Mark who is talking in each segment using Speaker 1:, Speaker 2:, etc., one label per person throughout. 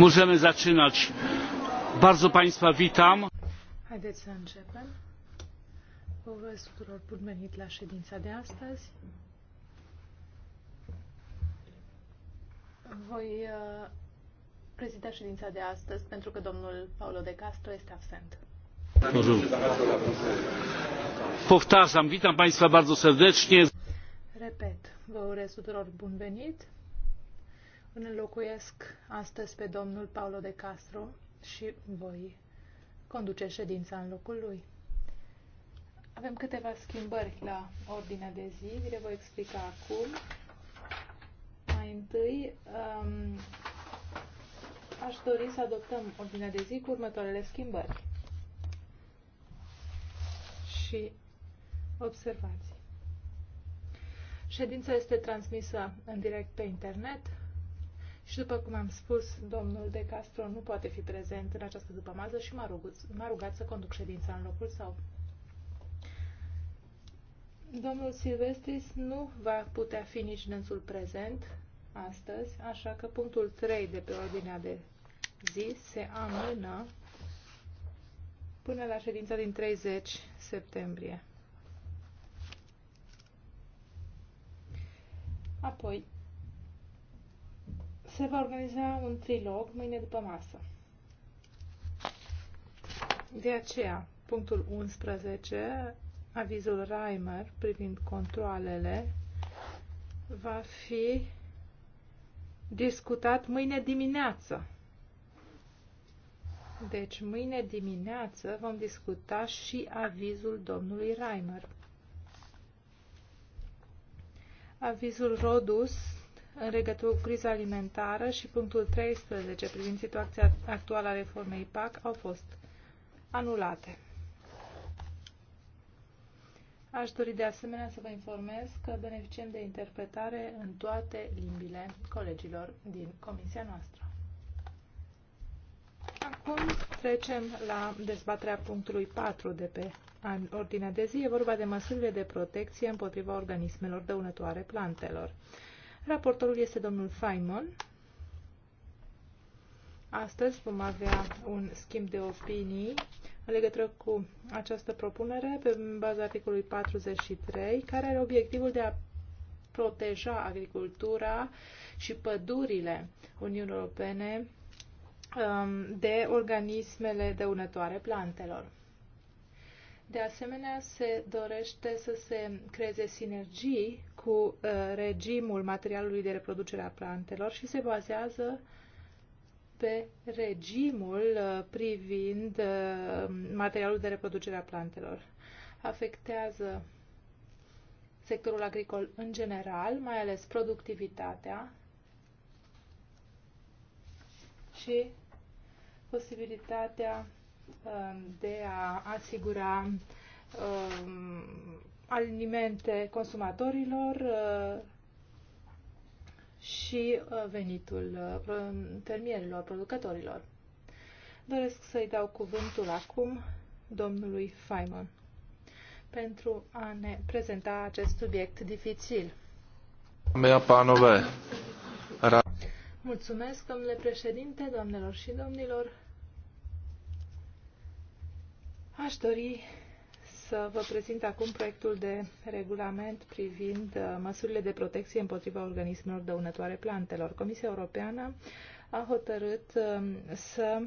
Speaker 1: Możemy zaczynać. Bardzo Państwa witam.
Speaker 2: Haideți să începem. Vă urez tuturor bun venit la ședința de astăzi. Voi uh, prezida ședința de astăzi pentru că domnul Paolo de Castro este absent.
Speaker 1: Powtarzam, witam Państwa bardzo serdecznie.
Speaker 2: Repet, vă urez tuturor bun venit. Îl înlocuiesc astăzi pe domnul Paulo de Castro și voi conduce ședința în locul lui. Avem câteva schimbări la ordinea de zi, vi le voi explica acum. Mai întâi, um, aș dori să adoptăm ordinea de zi cu următoarele schimbări și observații. Ședința este transmisă în direct pe internet. Și după cum am spus, domnul De Castro nu poate fi prezent în această dupămază și m-a rugat, rugat să conduc ședința în locul său. Domnul Silvestris nu va putea fi nici dânsul prezent astăzi, așa că punctul 3 de pe ordinea de zi se amână până la ședința din 30 septembrie. Apoi, se va organiza un trilog mâine după masă. De aceea, punctul 11, avizul Reimer privind controlele, va fi discutat mâine dimineață. Deci, mâine dimineață vom discuta și avizul domnului Reimer. Avizul Rodus în legătură cu criza alimentară și punctul 13 privind situația actuală a reformei PAC au fost anulate. Aș dori de asemenea să vă informez că beneficiem de interpretare în toate limbile colegilor din comisia noastră. Acum trecem la dezbaterea punctului 4 de pe ordinea de zi. E vorba de măsurile de protecție împotriva organismelor dăunătoare plantelor. Raportorul este domnul Feynman. Astăzi vom avea un schimb de opinii în legătură cu această propunere pe baza articolului 43, care are obiectivul de a proteja agricultura și pădurile Uniunii Europene um, de organismele dăunătoare plantelor. De asemenea, se dorește să se creeze sinergii cu uh, regimul materialului de reproducere a plantelor și se bazează pe regimul uh, privind uh, materialul de reproducere a plantelor. Afectează sectorul agricol în general, mai ales productivitatea și posibilitatea Um, de a asigura um, alimente consumatorilor uh, și uh, venitul uh, um, fermierilor, producătorilor. Doresc să-i dau cuvântul acum domnului Faimon pentru a ne prezenta acest subiect dificil.
Speaker 3: Mea panove.
Speaker 2: Mulțumesc, domnule președinte, doamnelor și domnilor. Aș dori să vă prezint acum proiectul de regulament privind uh, măsurile de protecție împotriva organismelor dăunătoare plantelor. Comisia Europeană a hotărât um, să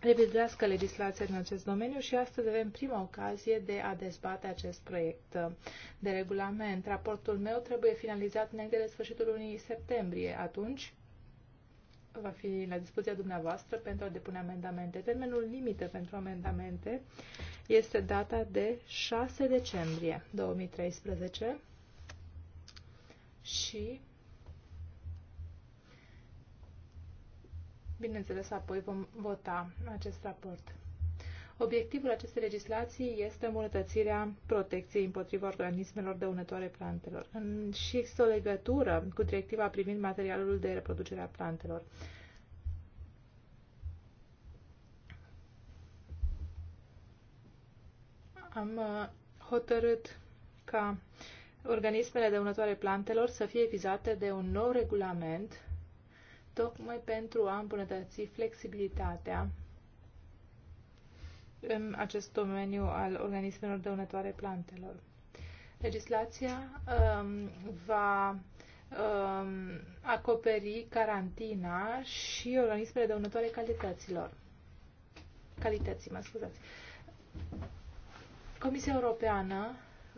Speaker 2: revizuiască legislația în acest domeniu și astăzi avem prima ocazie de a dezbate acest proiect uh, de regulament. Raportul meu trebuie finalizat înainte de sfârșitul lunii septembrie. Atunci va fi la dispoziția dumneavoastră pentru a depune amendamente. Termenul limită pentru amendamente este data de 6 decembrie 2013 și bineînțeles apoi vom vota acest raport. Obiectivul acestei legislații este îmbunătățirea protecției împotriva organismelor dăunătoare plantelor și există o legătură cu directiva privind materialul de reproducere a plantelor. Am uh, hotărât ca organismele dăunătoare plantelor să fie vizate de un nou regulament tocmai pentru a îmbunătăți flexibilitatea în acest domeniu al organismelor dăunătoare plantelor. Legislația um, va um, acoperi carantina și organismele dăunătoare calităților. Calității, mă scuzați. Comisia Europeană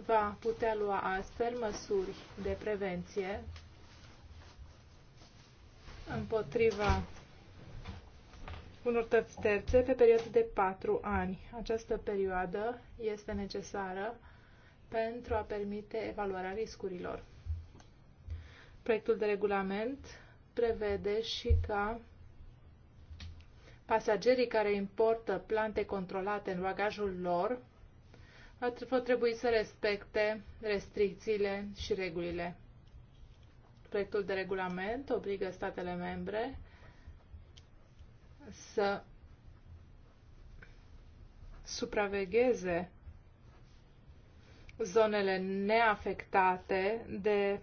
Speaker 2: va putea lua astfel măsuri de prevenție împotriva unor tăți terțe pe perioadă de 4 ani. Această perioadă este necesară pentru a permite evaluarea riscurilor. Proiectul de regulament prevede și ca pasagerii care importă plante controlate în bagajul lor vor trebui să respecte restricțiile și regulile. Proiectul de regulament obligă statele membre să supravegheze zonele neafectate de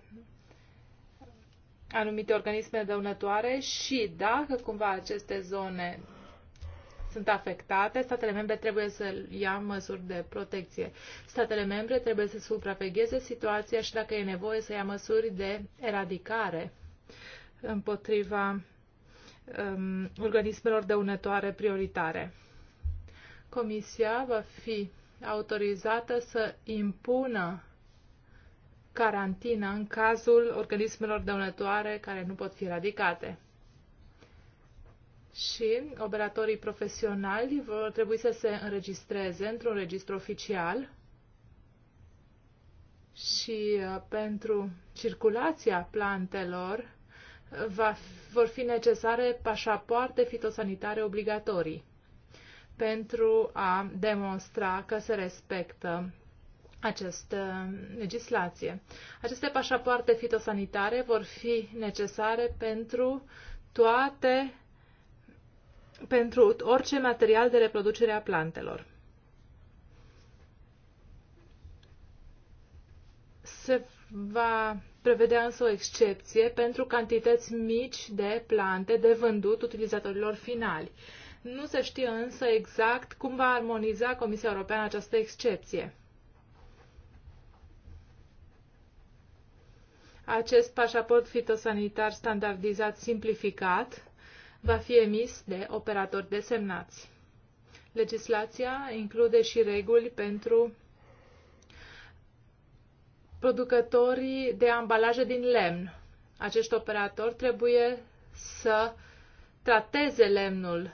Speaker 2: anumite organisme dăunătoare și dacă cumva aceste zone sunt afectate, statele membre trebuie să ia măsuri de protecție. Statele membre trebuie să supravegheze situația și dacă e nevoie să ia măsuri de eradicare împotriva um, organismelor dăunătoare prioritare. Comisia va fi autorizată să impună carantină în cazul organismelor dăunătoare care nu pot fi radicate. Și operatorii profesionali vor trebui să se înregistreze într-un registru oficial și uh, pentru circulația plantelor va, vor fi necesare pașapoarte fitosanitare obligatorii pentru a demonstra că se respectă această legislație. Aceste pașapoarte fitosanitare vor fi necesare pentru toate pentru orice material de reproducere a plantelor. Se va prevedea însă o excepție pentru cantități mici de plante de vândut utilizatorilor finali. Nu se știe însă exact cum va armoniza Comisia Europeană această excepție. Acest pașaport fitosanitar standardizat simplificat va fi emis de operatori desemnați. Legislația include și reguli pentru producătorii de ambalaje din lemn. Acești operatori trebuie să trateze lemnul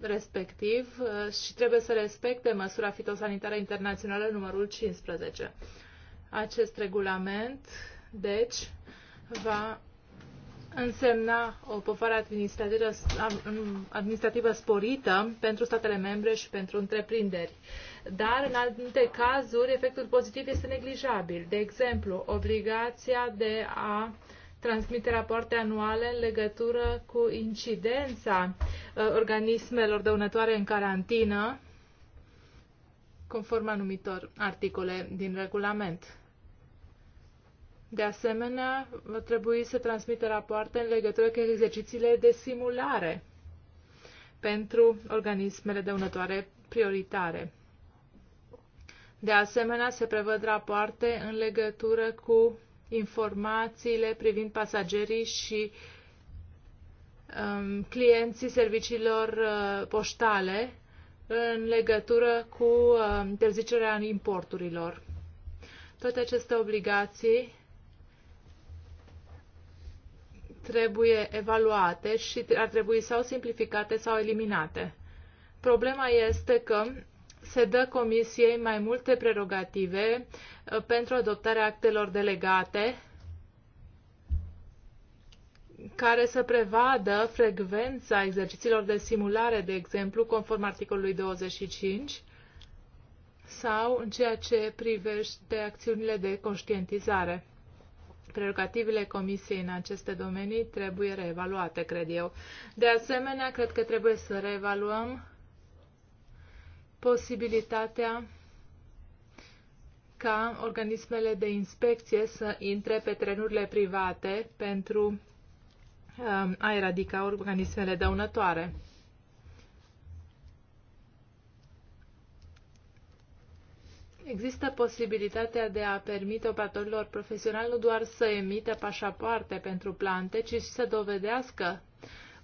Speaker 2: respectiv uh, și trebuie să respecte măsura fitosanitară internațională numărul 15. Acest regulament, deci, va însemna o povară administrativă, administrativă sporită pentru statele membre și pentru întreprinderi. Dar, în alte cazuri, efectul pozitiv este neglijabil. De exemplu, obligația de a transmite rapoarte anuale în legătură cu incidența uh, organismelor dăunătoare în carantină, conform anumitor articole din regulament. De asemenea, va trebui să transmită rapoarte în legătură cu exercițiile de simulare pentru organismele dăunătoare prioritare. De asemenea, se prevăd rapoarte în legătură cu informațiile privind pasagerii și um, clienții serviciilor uh, poștale în legătură cu uh, interzicerea importurilor. Toate aceste obligații trebuie evaluate și ar trebui sau simplificate sau eliminate. Problema este că se dă Comisiei mai multe prerogative uh, pentru adoptarea actelor delegate care să prevadă frecvența exercițiilor de simulare, de exemplu, conform articolului 25, sau în ceea ce privește acțiunile de conștientizare prerogativele Comisiei în aceste domenii trebuie reevaluate, cred eu. De asemenea, cred că trebuie să reevaluăm posibilitatea ca organismele de inspecție să intre pe trenurile private pentru um, a eradica organismele dăunătoare. Există posibilitatea de a permite operatorilor profesionali nu doar să emită pașapoarte pentru plante, ci și să dovedească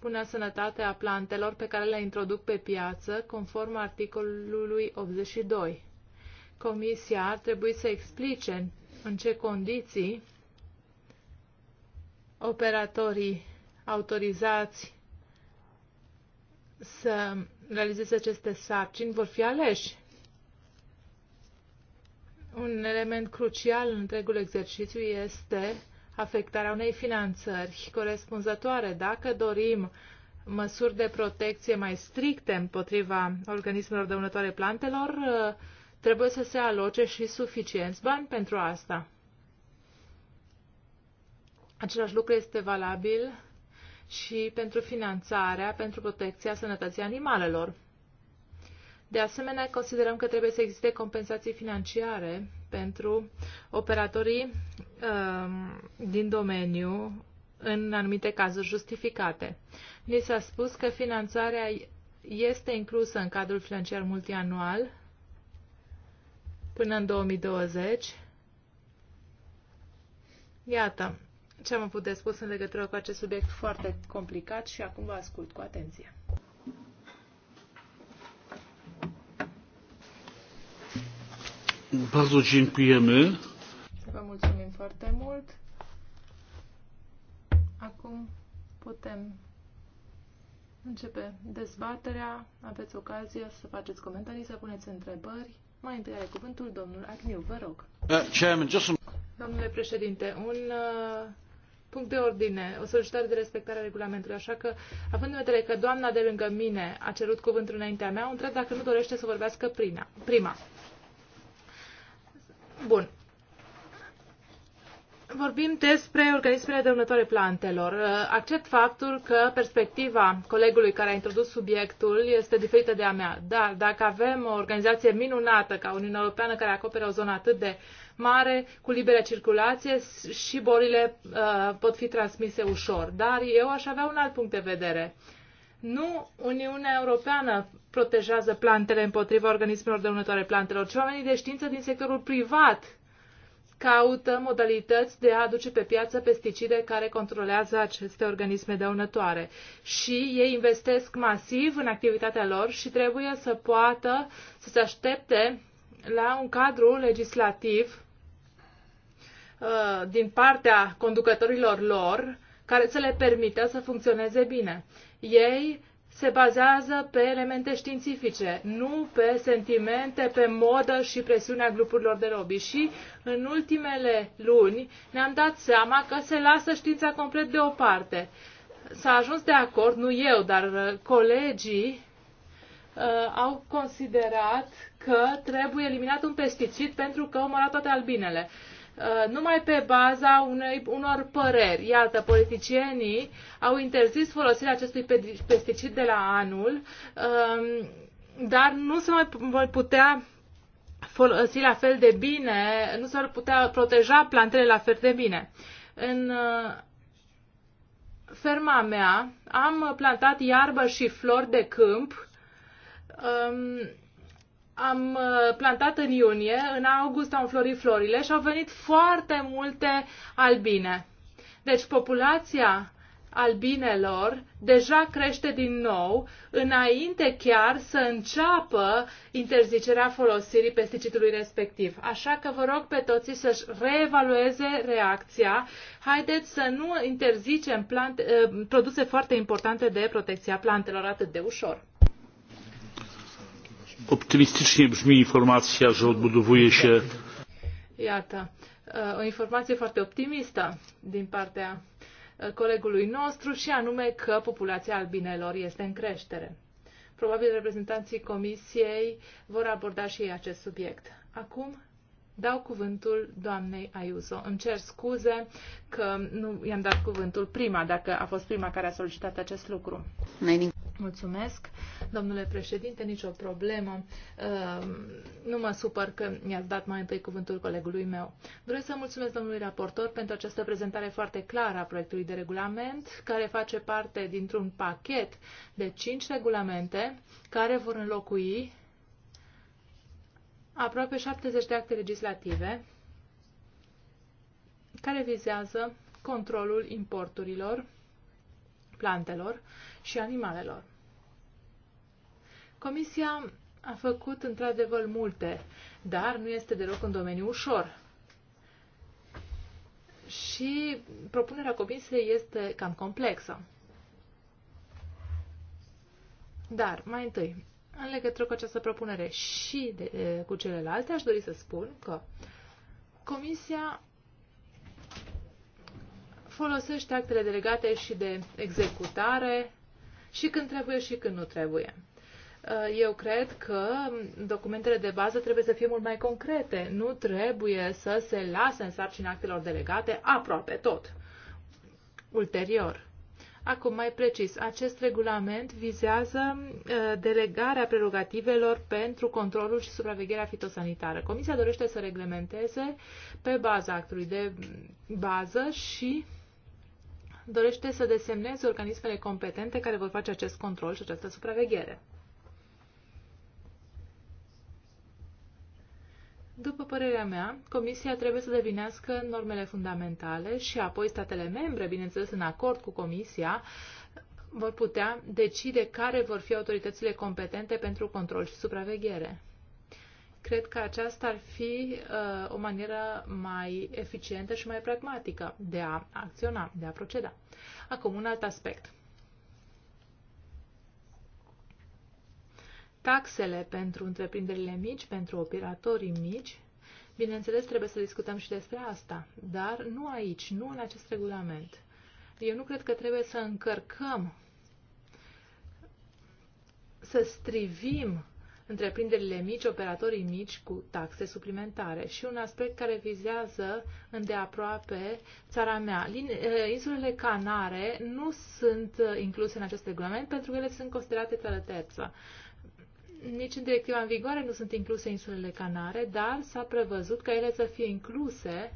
Speaker 2: bună sănătate a plantelor pe care le introduc pe piață, conform articolului 82. Comisia ar trebui să explice în ce condiții operatorii autorizați să realizeze aceste sarcini vor fi aleși un element crucial în întregul exercițiu este afectarea unei finanțări corespunzătoare. Dacă dorim măsuri de protecție mai stricte împotriva organismelor dăunătoare plantelor, trebuie să se aloce și suficienți bani pentru asta. Același lucru este valabil și pentru finanțarea, pentru protecția sănătății animalelor. De asemenea, considerăm că trebuie să existe compensații financiare pentru operatorii um, din domeniu în anumite cazuri justificate. Ni s-a spus că finanțarea este inclusă în cadrul financiar multianual până în 2020. Iată ce am putut de spus în legătură cu acest subiect foarte complicat și acum vă ascult cu atenție.
Speaker 1: Bardzo dziękujemy.
Speaker 2: Vă mulțumim foarte mult. Acum putem începe dezbaterea. Aveți ocazia să faceți comentarii, să puneți întrebări. Mai întâi are cuvântul domnul Agniu, vă rog.
Speaker 1: Uh,
Speaker 2: Domnule președinte, un uh, punct de ordine, o solicitare de respectare a regulamentului, așa că, având în vedere că doamna de lângă mine a cerut cuvântul înaintea mea, o întreb dacă nu dorește să vorbească prima. prima. Bun. Vorbim despre organismele dăunătoare plantelor. Uh, accept faptul că perspectiva colegului care a introdus subiectul este diferită de a mea. Dar dacă avem o organizație minunată ca Uniunea Europeană care acoperă o zonă atât de mare, cu liberă circulație și bolile uh, pot fi transmise ușor. Dar eu aș avea un alt punct de vedere. Uh, nu Uniunea Europeană protejează plantele împotriva organismelor dăunătoare plantelor, ci oamenii de știință din sectorul privat caută modalități de a aduce pe piață pesticide care controlează aceste organisme dăunătoare. Și ei investesc masiv în activitatea lor și trebuie să poată să se aștepte la un cadru legislativ uh, din partea conducătorilor lor care să le permită să funcționeze bine ei se bazează pe elemente științifice, nu pe sentimente, pe modă și presiunea grupurilor de lobby. Și în ultimele luni ne-am dat seama că se lasă știința complet deoparte. S-a ajuns de acord, nu eu, dar uh, colegii uh, au considerat că trebuie eliminat un pesticid pentru că omora toate albinele. Uh, Uh, numai pe baza unei, unor păreri. Iată, politicienii au interzis folosirea acestui pesticid de la anul, um, dar nu se mai vor putea folosi la fel de bine, nu se vor putea proteja plantele la fel de bine. În uh, ferma mea am plantat iarbă și flori de câmp um, am uh, plantat în iunie, în august au înflorit florile și au venit foarte multe albine. Deci populația albinelor deja crește din nou, înainte chiar să înceapă interzicerea folosirii pesticidului respectiv. Așa că vă rog pe toții să-și reevalueze reacția. Haideți să nu interzicem plante, eh, produse foarte importante de protecția plantelor atât de ușor
Speaker 1: optymistycznie brzmi informacja, że odbudowuje się.
Speaker 2: Iată, o informație foarte optimistă din partea colegului nostru și anume că populația albinelor este în creștere. Probabil reprezentanții comisiei vor aborda și ei acest subiect. Acum Dau cuvântul doamnei Ayuso. Îmi cer scuze că nu i-am dat cuvântul prima, dacă a fost prima care a solicitat acest lucru. Mulțumesc, domnule președinte, nicio problemă. Ehm, nu mă supăr că mi-ați dat mai întâi cuvântul colegului meu. Vreau să mulțumesc domnului raportor pentru această prezentare foarte clară a proiectului de regulament, care face parte dintr-un pachet de cinci regulamente care vor înlocui aproape 70 de acte legislative care vizează controlul importurilor, plantelor și animalelor. Comisia a făcut într-adevăr multe, dar nu este deloc un domeniu ușor. Și propunerea comisiei este cam complexă. Dar, mai întâi, în legătură cu această propunere și de, de, cu celelalte, aș dori să spun că Comisia folosește actele delegate și de executare și când trebuie și când nu trebuie. Eu cred că documentele de bază trebuie să fie mult mai concrete. Nu trebuie să se lase în sarcina actelor delegate aproape tot. Ulterior. Acum, mai precis, acest regulament vizează uh, delegarea prerogativelor pentru controlul și supravegherea fitosanitară. Comisia dorește să reglementeze pe baza actului de bază și dorește să desemneze organismele competente care vor face acest control și această supraveghere. După părerea mea, Comisia trebuie să devinească normele fundamentale și apoi statele membre, bineînțeles în acord cu Comisia, vor putea decide care vor fi autoritățile competente pentru control și supraveghere. Cred că aceasta ar fi uh, o manieră mai eficientă și mai pragmatică de a acționa, de a proceda. Acum, un alt aspect. taxele pentru întreprinderile mici, pentru operatorii mici, bineînțeles trebuie să discutăm și despre asta, dar nu aici, nu în acest regulament. Eu nu cred că trebuie să încărcăm, să strivim întreprinderile mici, operatorii mici cu taxe suplimentare. Și un aspect care vizează îndeaproape țara mea. Eh, insulele Canare nu sunt eh, incluse în acest regulament pentru că ele sunt considerate țară terță nici în directiva în vigoare nu sunt incluse insulele Canare, dar s-a prevăzut că ele să fie incluse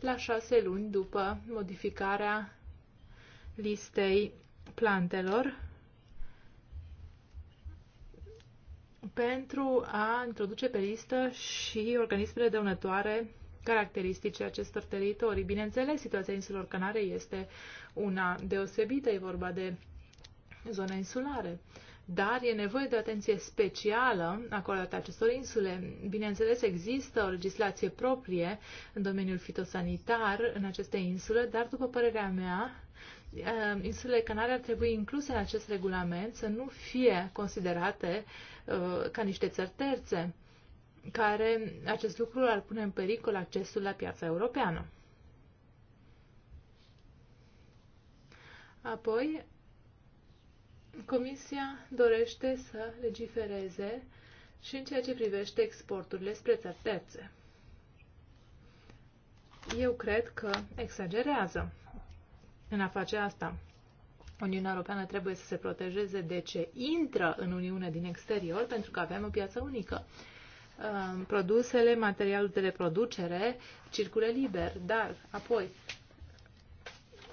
Speaker 2: la șase luni după modificarea listei plantelor pentru a introduce pe listă și organismele dăunătoare caracteristice acestor teritorii. Bineînțeles, situația insulor Canare este una deosebită, e vorba de zone insulare dar e nevoie de atenție specială acordată acestor insule. Bineînțeles, există o legislație proprie în domeniul fitosanitar în aceste insule, dar, după părerea mea, eh, insulele Canare ar trebui incluse în acest regulament să nu fie considerate eh, ca niște țări terțe, care acest lucru ar pune în pericol accesul la piața europeană. Apoi, Comisia dorește să legifereze și în ceea ce privește exporturile spre țări terțe. Eu cred că exagerează în a face asta. Uniunea Europeană trebuie să se protejeze de ce intră în Uniune din exterior, pentru că avem o piață unică. Ehm, produsele, materialul de reproducere circulă liber, dar apoi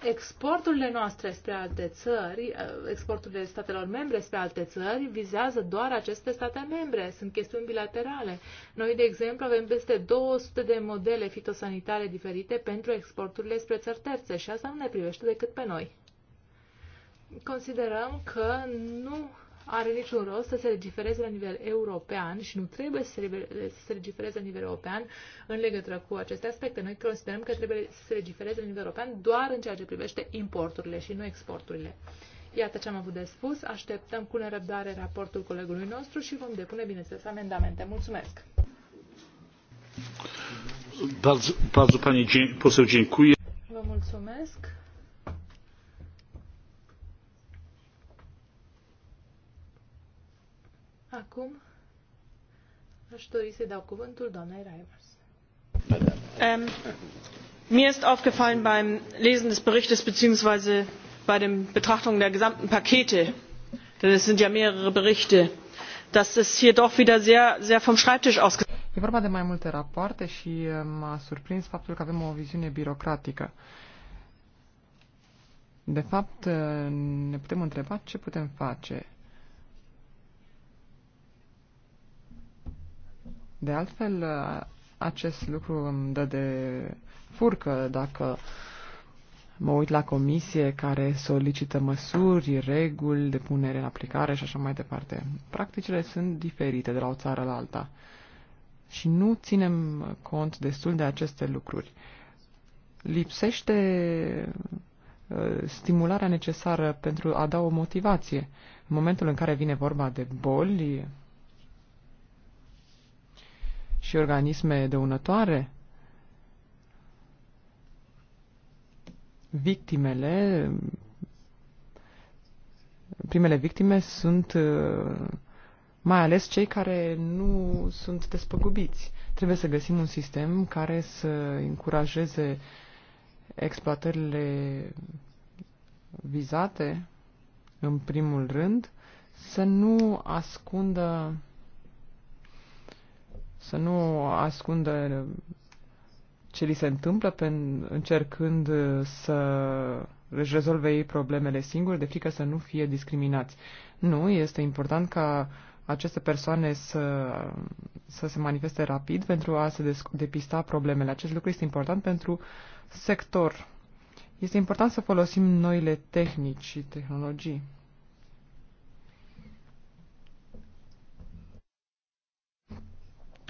Speaker 2: exporturile noastre spre alte țări, eh, exporturile statelor membre spre alte țări, vizează doar aceste state membre. Sunt chestiuni bilaterale. Noi, de exemplu, avem peste 200 de modele fitosanitare diferite pentru exporturile spre țări terțe și asta nu ne privește decât pe noi. Considerăm că nu are niciun rost să se legifereze la nivel european și nu trebuie să se legifereze la nivel european în legătură cu aceste aspecte. Noi considerăm că trebuie să se legifereze la nivel european doar în ceea ce privește importurile și nu exporturile. Iată ce am avut de spus. Așteptăm cu nerăbdare raportul colegului nostru și vom depune, bineînțeles, amendamente. Mulțumesc!
Speaker 1: Bardzo, bardzo Pani poseł dziękuję.
Speaker 2: Vă mulțumesc. Acum aș dori să dau cuvântul doamnei Reimers.
Speaker 3: Um, ähm, mir ist aufgefallen beim Lesen des Berichtes bzw. bei der Betrachtung der gesamten Pakete, denn es sind ja mehrere Berichte, dass es hier doch wieder sehr, sehr vom Schreibtisch
Speaker 4: aus. E vorba de mai multe rapoarte și eh, m-a surprins faptul că avem o viziune birocratică. De fapt, eh, ne putem întreba ce putem face De altfel, acest lucru îmi dă de furcă dacă mă uit la comisie care solicită măsuri, reguli de punere în aplicare și așa mai departe. Practicile sunt diferite de la o țară la alta și nu ținem cont destul de aceste lucruri. Lipsește uh, stimularea necesară pentru a da o motivație. În momentul în care vine vorba de boli, și organisme dăunătoare? Victimele, primele victime sunt uh, mai ales cei care nu sunt despăgubiți. Trebuie să găsim un sistem care să încurajeze exploatările vizate, în primul rând, să nu ascundă să nu ascundă ce li se întâmplă încercând uh, să își rezolve ei problemele singuri, de frică să nu fie discriminați. Nu, este important ca aceste persoane să, să se manifeste rapid pentru a se depista problemele. Acest lucru este important pentru sector. Este important să folosim noile tehnici și tehnologii.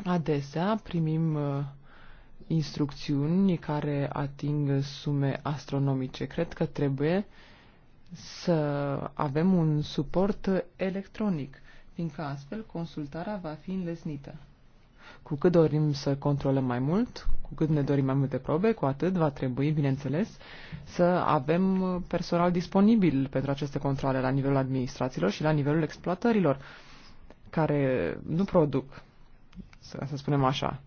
Speaker 4: Adesea primim uh, instrucțiuni care ating sume astronomice. Cred că trebuie să avem un suport electronic, fiindcă astfel consultarea va fi înlesnită. Cu cât dorim să controlăm mai mult, cu cât ne dorim mai multe probe, cu atât va trebui, bineînțeles, să avem uh, personal disponibil pentru aceste controle la nivelul administrațiilor și la nivelul exploatărilor, care nu produc să, să spunem așa.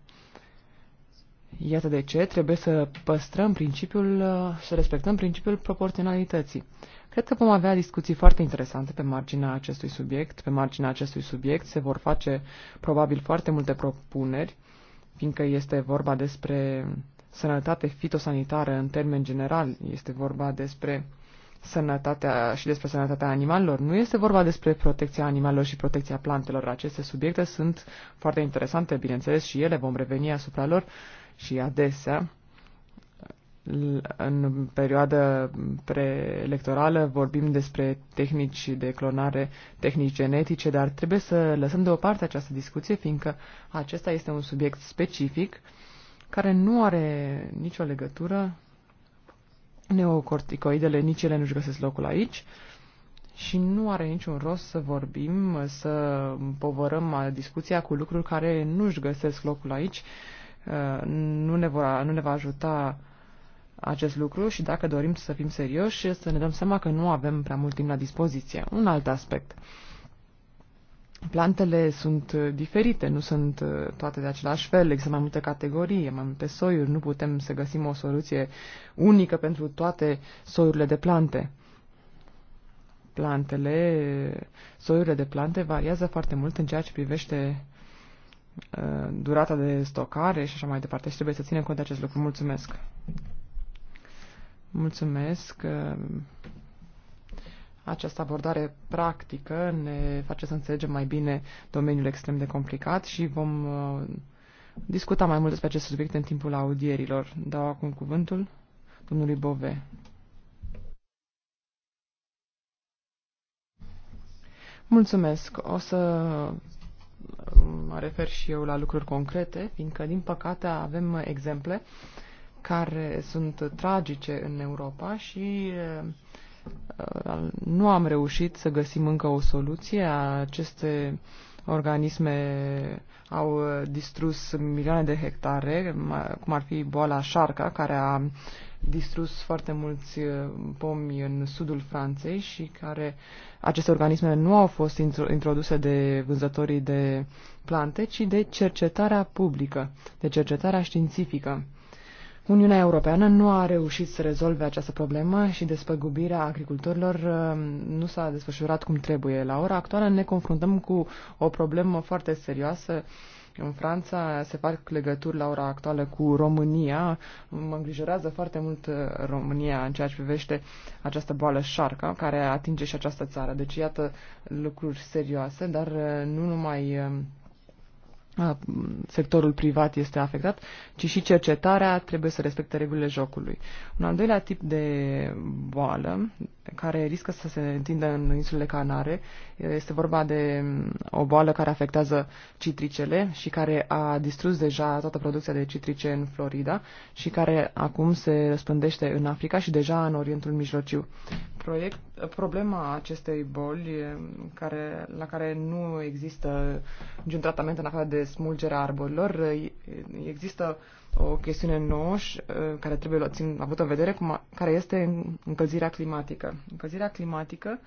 Speaker 4: Iată de ce trebuie să păstrăm principiul, uh, să respectăm principiul proporționalității. Cred că vom avea discuții foarte interesante pe marginea acestui subiect. Pe marginea acestui subiect se vor face probabil foarte multe propuneri, fiindcă este vorba despre sănătate fitosanitară în termen general, este vorba despre sănătatea și despre sănătatea animalelor. Nu este vorba despre protecția animalelor și protecția plantelor. Aceste subiecte sunt foarte interesante, bineînțeles, și ele vom reveni asupra lor și adesea. În perioada preelectorală vorbim despre tehnici de clonare, tehnici genetice, dar trebuie să lăsăm deoparte această discuție, fiindcă acesta este un subiect specific care nu are nicio legătură Neocorticoidele, nici ele nu-și găsesc locul aici și nu are niciun rost să vorbim, să povărăm discuția cu lucruri care nu-și găsesc locul aici. Uh, nu ne, va, nu ne va ajuta acest lucru și dacă dorim să fim serioși, să ne dăm seama că nu avem prea mult timp la dispoziție. Un alt aspect. Uh, Plantele sunt uh, diferite, nu sunt uh, toate de același fel, există mai multe categorii, mai multe soiuri, nu putem să găsim o soluție unică pentru toate soiurile de plante. Plantele, soiurile de plante variază foarte mult în ceea ce privește uh, durata de stocare și așa mai departe și trebuie să ținem cont de acest lucru. Mulțumesc! Mulțumesc! Această abordare practică ne face să înțelegem mai bine domeniul extrem de complicat și vom uh, discuta mai mult despre acest subiect în timpul audierilor. Dau acum cuvântul domnului Bove. Mulțumesc. O să mă refer și eu la lucruri concrete, fiindcă, din păcate, avem exemple care sunt tragice în Europa și uh, nu am reușit să găsim încă o soluție. Aceste organisme au distrus milioane de hectare, cum ar fi boala șarca, care a distrus foarte mulți pomi în sudul Franței și care aceste organisme nu au fost introduse de vânzătorii de plante, ci de cercetarea publică, de cercetarea științifică. Uniunea Europeană nu a reușit să rezolve această problemă și despăgubirea agricultorilor um, nu s-a desfășurat cum trebuie. La ora actuală ne confruntăm cu o problemă foarte serioasă. În Franța se fac legături la ora actuală cu România. Mă îngrijorează foarte mult uh, România în ceea ce privește această boală șarca, care atinge și această țară. Deci, iată lucruri serioase, dar uh, nu numai um, sectorul privat este afectat, ci și cercetarea trebuie să respecte regulile jocului. Un al doilea tip de boală care riscă să se întindă în insulele Canare este vorba de mm, o boală care afectează citricele și care a distrus deja toată producția de citrice în Florida și care acum se răspândește în Africa și deja în Orientul Mijlociu. Proiect, problema acestei boli, care, la care nu există niciun tratament în afară de smulgerea arborilor, există o chestiune nouă și, care trebuie țin, avut în vedere, cum, care este încălzirea climatică. Încălzirea climatică uh,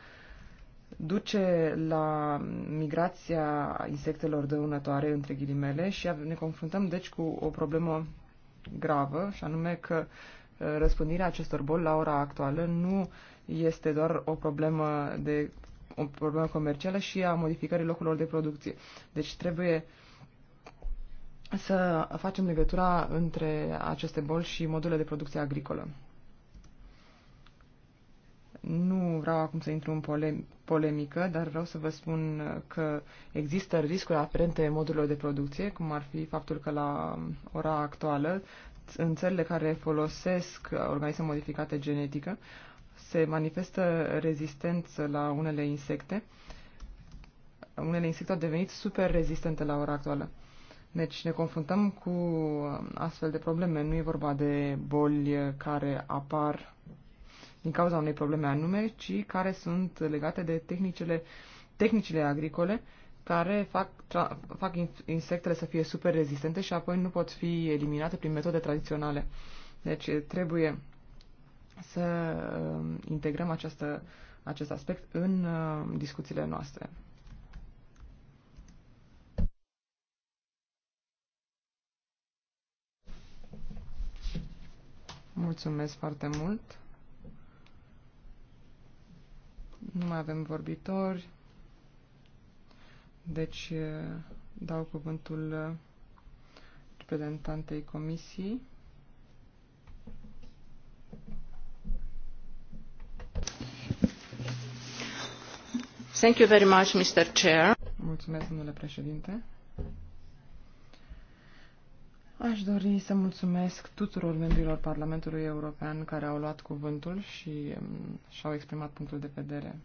Speaker 4: duce la migrația insectelor dăunătoare, între ghilimele, și ne confruntăm deci cu o problemă gravă, și anume că uh, răspândirea acestor boli la ora actuală nu este doar o problemă de o problemă comercială și a modificării locurilor de producție. Deci trebuie să facem legătura între aceste boli și modurile de producție agricolă nu vreau acum să intru în polem- polemică, dar vreau să vă spun că există riscuri aferente modurilor de producție, cum ar fi faptul că la ora actuală, în țările care folosesc organisme modificate genetică, se manifestă rezistență la unele insecte. Unele insecte au devenit super rezistente la ora actuală. Deci ne confruntăm cu um, astfel de probleme. Nu e vorba de boli care apar din cauza unei probleme anume, ci care sunt legate de tehnicile, tehnicile agricole care fac, tra, fac insectele să fie super rezistente și apoi nu pot fi eliminate prin metode tradiționale. Deci trebuie să um, integrăm această, acest aspect în um, discuțiile noastre. Mulțumesc foarte mult. Nu mai avem vorbitori. Deci eh, dau cuvântul eh, reprezentantei comisiei. Thank you very much, Mr. Chair. Mulțumesc, domnule președinte. Aș dori să mulțumesc tuturor membrilor Parlamentului European care au luat cuvântul și um, și-au exprimat punctul de vedere.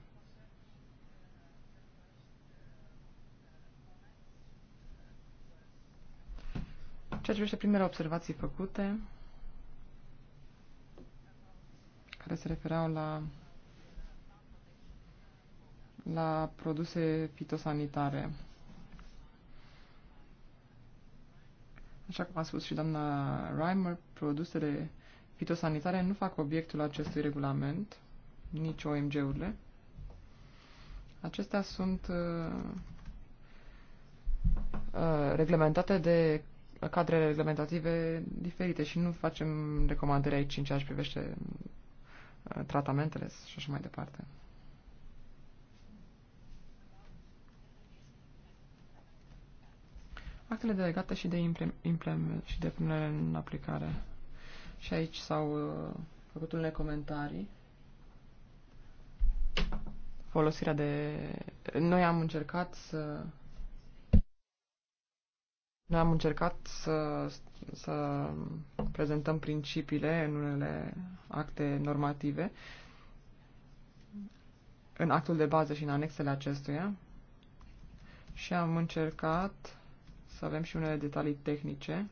Speaker 4: Ceea ce privește primele observații făcute, care se refereau la, la produse fitosanitare. Așa cum a spus și doamna Reimer, produsele fitosanitare nu fac obiectul acestui regulament, nici OMG-urile. Acestea sunt uh, uh, reglementate de cadre reglementative diferite și nu facem recomandări aici în ceea ce privește uh, tratamentele și așa mai departe. Actele delegate și de, implement, și de punere în aplicare. Și aici s-au uh, făcut unele comentarii. Folosirea de... Noi am încercat să... Noi am încercat să, să prezentăm principiile în unele acte normative, în actul de bază și în anexele acestuia, și am încercat să avem și unele detalii tehnice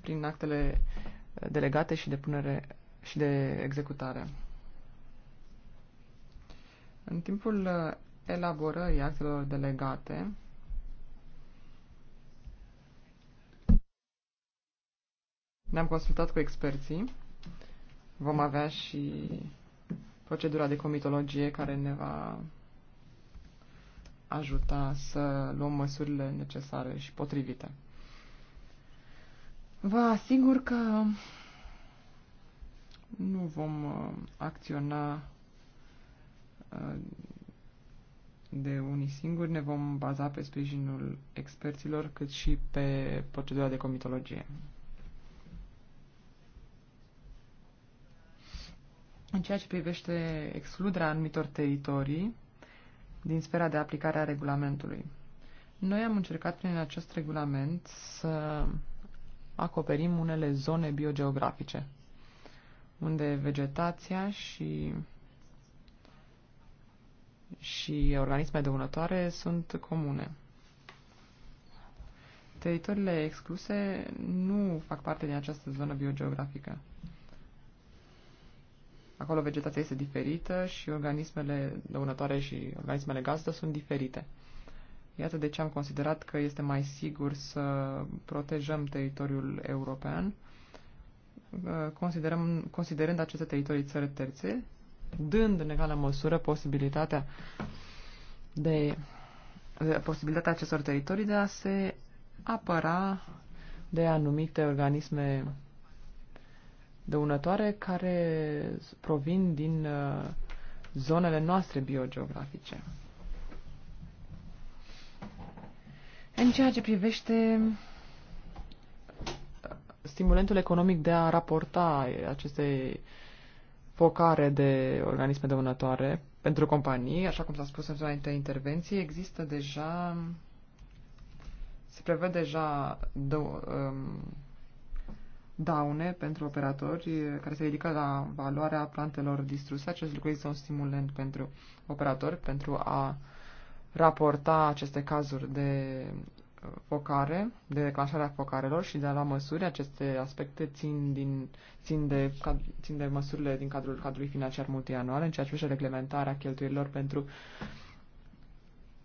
Speaker 4: prin actele delegate și de punere și de executare. În timpul elaborării actelor delegate, ne-am consultat cu experții. Vom avea și procedura de comitologie care ne va ajuta să luăm măsurile necesare și potrivite. Vă asigur că nu vom uh, acționa uh, de unii singuri, ne vom baza pe sprijinul experților, cât și pe procedura de comitologie. În ceea ce privește excluderea anumitor teritorii, din sfera de aplicare a regulamentului. Noi am încercat prin acest regulament să acoperim unele zone biogeografice, unde vegetația și și organisme dăunătoare sunt comune. Teritoriile excluse nu fac parte din această zonă biogeografică. Acolo vegetația este diferită și organismele dăunătoare și organismele gazdă sunt diferite. Iată de ce am considerat că este mai sigur să protejăm teritoriul european, uh, considerăm, considerând aceste teritorii țări terțe, dând în egală măsură posibilitatea de, de posibilitatea acestor teritorii de a se apăra de anumite organisme dăunătoare care provin din uh, zonele noastre biogeografice. În ceea ce privește uh, stimulentul economic de a raporta aceste focare de organisme dăunătoare pentru companii, așa cum s-a spus în înainte intervenție, există deja, se prevede deja dă, um, daune pentru operatori eh, care se ridică la valoarea plantelor distruse. Acest lucru este un stimulant pentru operatori pentru a raporta aceste cazuri de eh, focare, de declanșarea focarelor și de a lua măsuri. Aceste aspecte țin, din, țin, de, țin de măsurile din cadrul cadrului financiar multianual în ceea ce privește reglementarea cheltuielilor pentru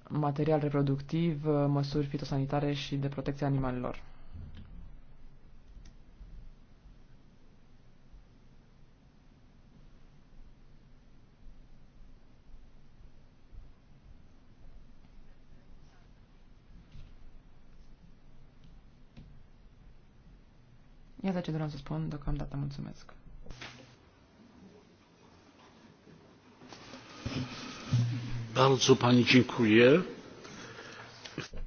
Speaker 4: material reproductiv, eh, măsuri fitosanitare și de protecție animalelor. Iată ce vreau să spun deocamdată. Mulțumesc.
Speaker 1: Bardzo pani dziękuję.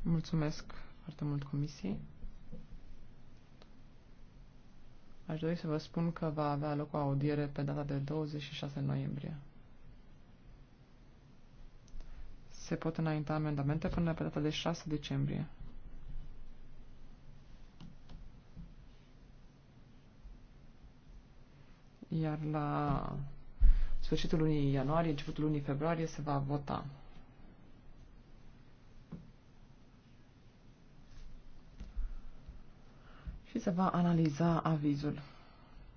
Speaker 4: Mulțumesc foarte mult comisiei. Aș dori să vă spun că va avea loc o audiere pe data de 26 noiembrie. Se pot înainta amendamente până pe data de 6 decembrie. iar la sfârșitul lunii ianuarie, începutul lunii februarie se va vota. Și se va analiza avizul.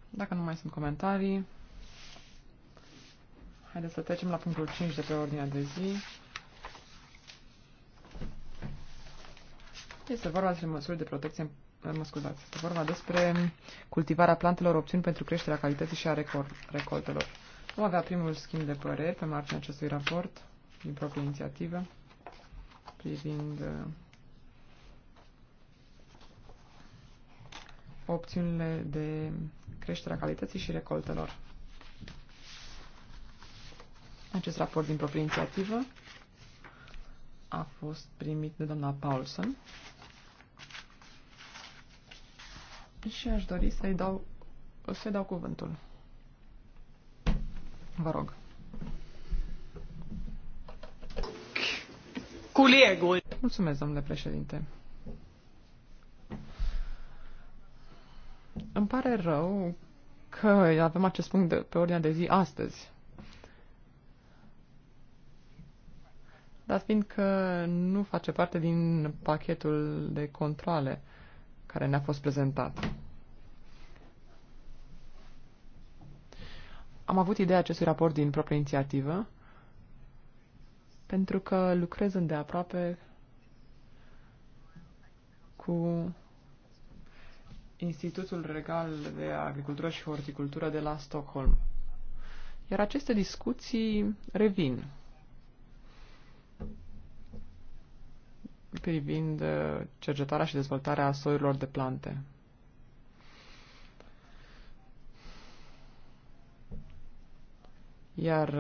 Speaker 4: Dacă nu mai sunt comentarii, haideți să trecem la punctul 5 de pe ordinea de zi. Este vorba despre măsuri de protecție mă scuzați, este vorba despre cultivarea plantelor, opțiuni pentru creșterea calității și a recoltelor. Vom avea primul schimb de păreri pe marginea acestui raport din proprie inițiativă privind uh, opțiunile de creșterea calității și recoltelor. Acest raport din proprie inițiativă a fost primit de doamna Paulson, și aș dori să-i dau, să dau cuvântul. Vă rog. Colegul. Mulțumesc, domnule președinte. Îmi pare rău că avem acest punct de, pe ordinea de zi astăzi. Dar fiindcă nu face parte din pachetul de controle care ne-a fost prezentat. Am avut ideea acestui raport din proprie inițiativă, pentru că lucrez îndeaproape cu Institutul Regal de Agricultură și Horticultură de la Stockholm. Iar aceste discuții revin privind uh, cercetarea și dezvoltarea soiurilor de plante. Iar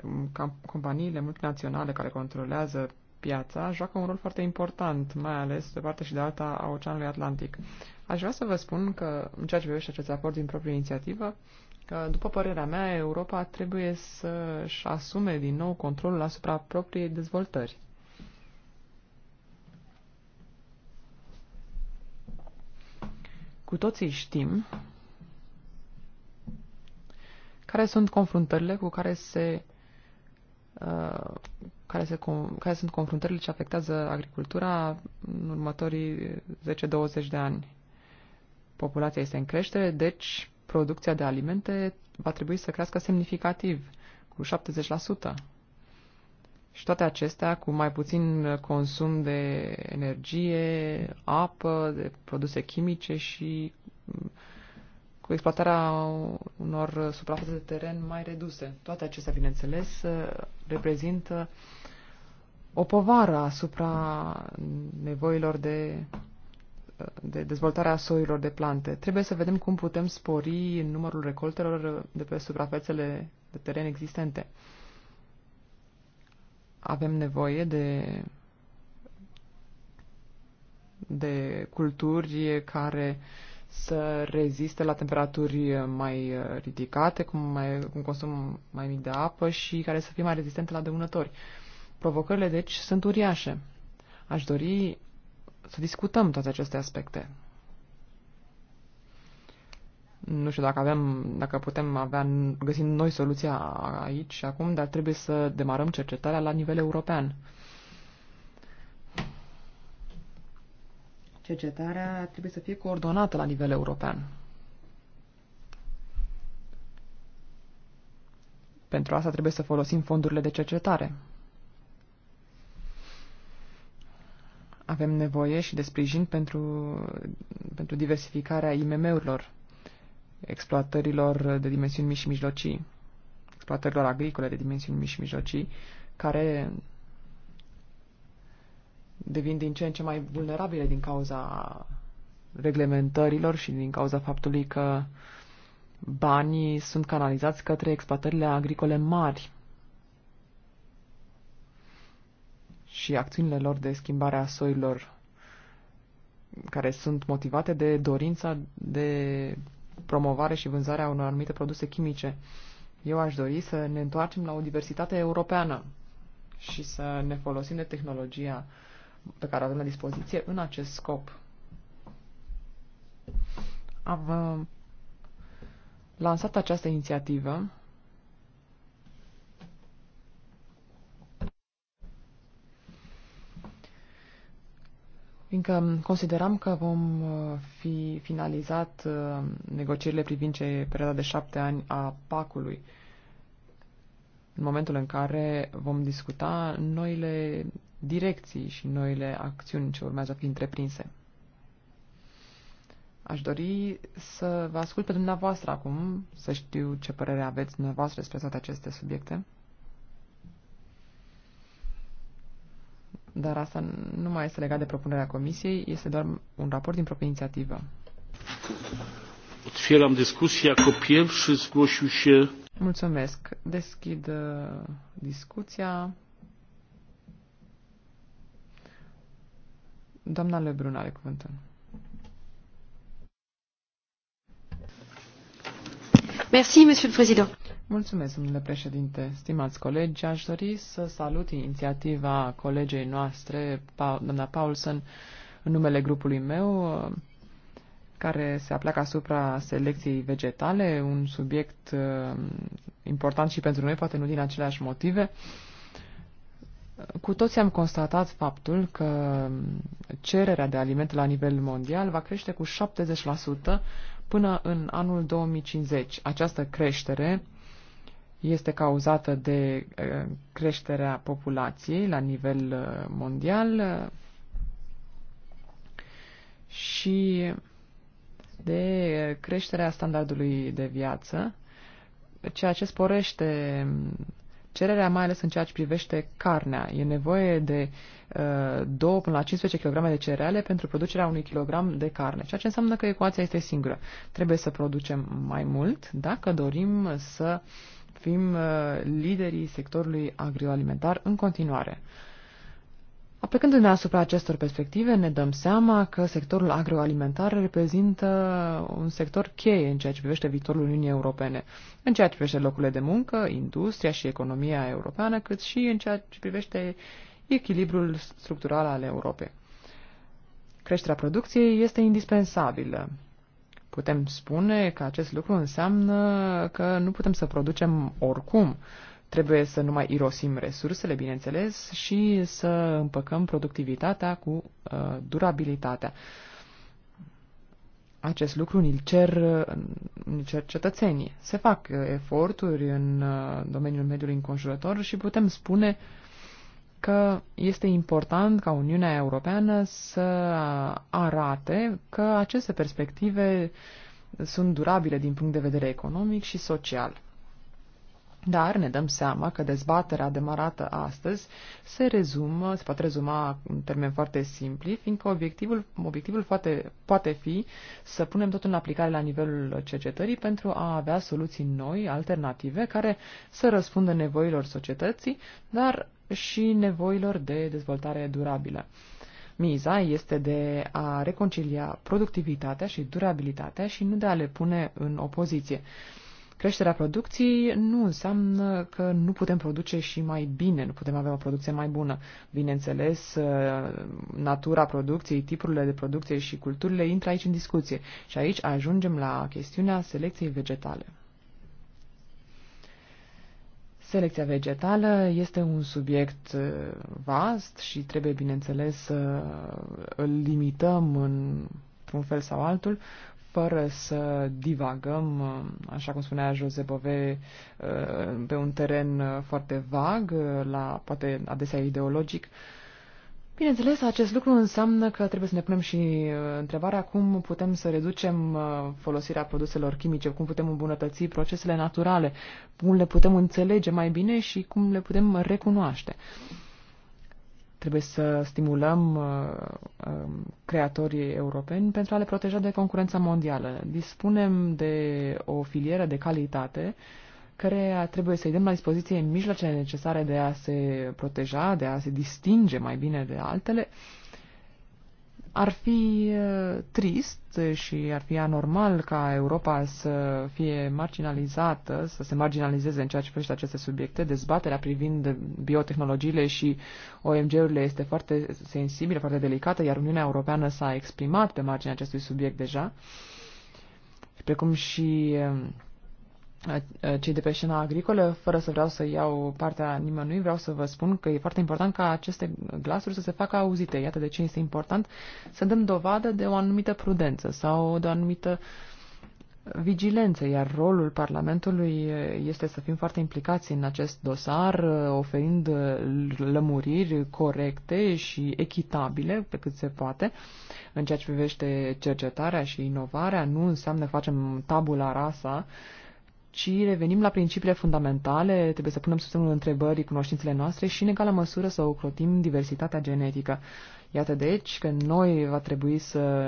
Speaker 4: uh, companiile multinaționale care controlează piața joacă un rol foarte important, mai ales de partea și de alta a Oceanului Atlantic. Aș vrea să vă spun că, în ceea ce privește acest acord din proprie inițiativă, că, după părerea mea, Europa trebuie să-și asume din nou controlul asupra propriei dezvoltări. Cu toții știm care sunt confruntările cu care se uh, care, se, care sunt confruntările ce afectează agricultura în următorii 10-20 de ani. Populația este în creștere, deci producția de alimente va trebui să crească semnificativ, cu 70%. Și toate acestea cu mai puțin consum de energie, apă, de produse chimice și cu exploatarea unor suprafețe de teren mai reduse. Toate acestea, bineînțeles, reprezintă o povară asupra nevoilor de, de dezvoltare a soiurilor de plante. Trebuie să vedem cum putem spori numărul recoltelor de pe suprafețele de teren existente. Avem nevoie de de culturi care uh, să reziste la temperaturi mai uh, ridicate, cu, mai, un consum mai mic de apă și care să fie mai rezistente la dăunători. Provocările, deci, sunt uriașe. Aș dori să discutăm toate aceste aspecte. Nu știu dacă avem, dacă putem avea, găsim noi soluția aici și acum, dar trebuie să demarăm cercetarea la nivel european. cercetarea trebuie să fie coordonată la nivel european. Pentru asta trebuie să folosim fondurile de cercetare. Avem nevoie și de sprijin pentru, pentru diversificarea IMM-urilor, exploatărilor de dimensiuni mici și mijlocii, exploatărilor agricole de dimensiuni mici și mijlocii, care devin din ce în ce mai vulnerabile din cauza reglementărilor și din cauza faptului că banii sunt canalizați către exploatările agricole mari și acțiunile lor de schimbare a soilor care sunt motivate de dorința de promovare și vânzare a unor anumite produse chimice. Eu aș dori să ne întoarcem la o diversitate europeană și să ne folosim de tehnologia uh, pe care o avem la dispoziție în acest scop. Am uh, lansat această inițiativă fiindcă consideram că vom uh, fi finalizat uh, negocierile privind ce perioada de șapte ani a pacului, în momentul în care vom discuta noile direcții și noile acțiuni ce urmează a fi întreprinse. Aș dori să vă ascult pe dumneavoastră acum, să știu ce părere aveți dumneavoastră despre toate aceste subiecte. Dar asta nu mai este legat de propunerea comisiei, este doar un raport din proprie inițiativă.
Speaker 1: Otwieram discuția. Jako pierwszy zgłosił się...
Speaker 4: Mulțumesc. Deschid uh, discuția. Doamna Lebrun are cuvântul. Merci, Monsieur le Président. Mulțumesc, domnule președinte. Stimați colegi, aș dori să salut inițiativa colegei noastre, doamna Paulson, în numele grupului meu, care se apleacă asupra selecției vegetale, un subiect uh, important și pentru noi, poate nu din aceleași motive. Cu toți am constatat faptul că cererea de alimente la nivel mondial va crește cu 70% până în anul 2050. Această creștere este cauzată de eh, creșterea populației la nivel eh, mondial eh, și de creșterea standardului de viață, ceea ce sporește cererea, mai ales în ceea ce privește carnea. E nevoie de uh, 2 până la 15 kg de cereale pentru producerea unui kilogram de carne, ceea ce înseamnă că ecuația este singură. Trebuie să producem mai mult dacă dorim să fim uh, liderii sectorului agroalimentar în continuare. Aplicându-ne asupra acestor perspective, ne dăm seama că sectorul agroalimentar reprezintă un sector cheie în ceea ce privește viitorul Uniunii Europene, în ceea ce privește locurile de muncă, industria și economia europeană, cât și în ceea ce privește echilibrul structural al Europei. Creșterea producției este indispensabilă. Putem spune că acest lucru înseamnă că nu putem să producem oricum, Trebuie să nu mai irosim resursele, bineînțeles, și să împăcăm productivitatea cu uh, durabilitatea. Acest lucru ni-l cer, îl cer cetățenii. Se fac uh, eforturi în uh, domeniul mediului înconjurător și putem spune că este important ca Uniunea Europeană să arate că aceste perspective sunt durabile din punct de vedere economic și social. Dar ne dăm seama că dezbaterea demarată astăzi se rezumă, se poate rezuma în termeni foarte simpli, fiindcă obiectivul, obiectivul poate, poate fi să punem totul în aplicare la nivelul cercetării pentru a avea soluții noi, alternative, care să răspundă nevoilor societății, dar și nevoilor de dezvoltare durabilă. Miza este de a reconcilia productivitatea și durabilitatea și nu de a le pune în opoziție. Creșterea producției nu înseamnă că nu putem produce și mai bine, nu putem avea o producție mai bună. Bineînțeles, uh, natura producției, tipurile de producție și culturile intră aici în discuție. Și aici ajungem la chestiunea selecției vegetale. Selecția vegetală este un subiect uh, vast și trebuie, bineînțeles, să îl limităm în un fel sau altul fără să divagăm, așa cum spunea Jose Bove, pe un teren foarte vag, la poate adesea ideologic. Bineînțeles, acest lucru înseamnă că trebuie să ne punem și uh, întrebarea cum putem să reducem uh, folosirea produselor chimice, cum putem îmbunătăți procesele naturale, cum le putem înțelege mai bine și cum le putem recunoaște. Uh, Trebuie să stimulăm uh, um, creatorii europeni pentru a le proteja de concurența mondială. Dispunem de o filieră de calitate care trebuie să-i dăm la dispoziție mijloacele necesare de a se proteja, de a se distinge mai bine de altele ar fi uh, trist și ar fi anormal ca Europa să fie marginalizată, să se marginalizeze în ceea ce privește aceste subiecte. Dezbaterea privind biotehnologiile și OMG-urile este foarte sensibilă, foarte delicată, iar Uniunea Europeană s-a exprimat pe marginea acestui subiect deja, precum și uh, cei de pe scena agricolă, fără să vreau să iau partea nimănui, vreau să vă spun că e foarte important ca aceste glasuri să se facă auzite. Iată de ce este important să dăm dovadă de o anumită prudență sau de o anumită vigilență, iar rolul Parlamentului este să fim foarte implicați în acest dosar, oferind lămuriri corecte și echitabile, pe cât se poate, în ceea ce privește cercetarea și inovarea. Nu înseamnă facem tabula rasa, ci revenim la principiile fundamentale, trebuie să punem sub semnul întrebării cunoștințele noastre și, în egală măsură, să ocrotim diversitatea genetică. Iată, deci, că noi va trebui să,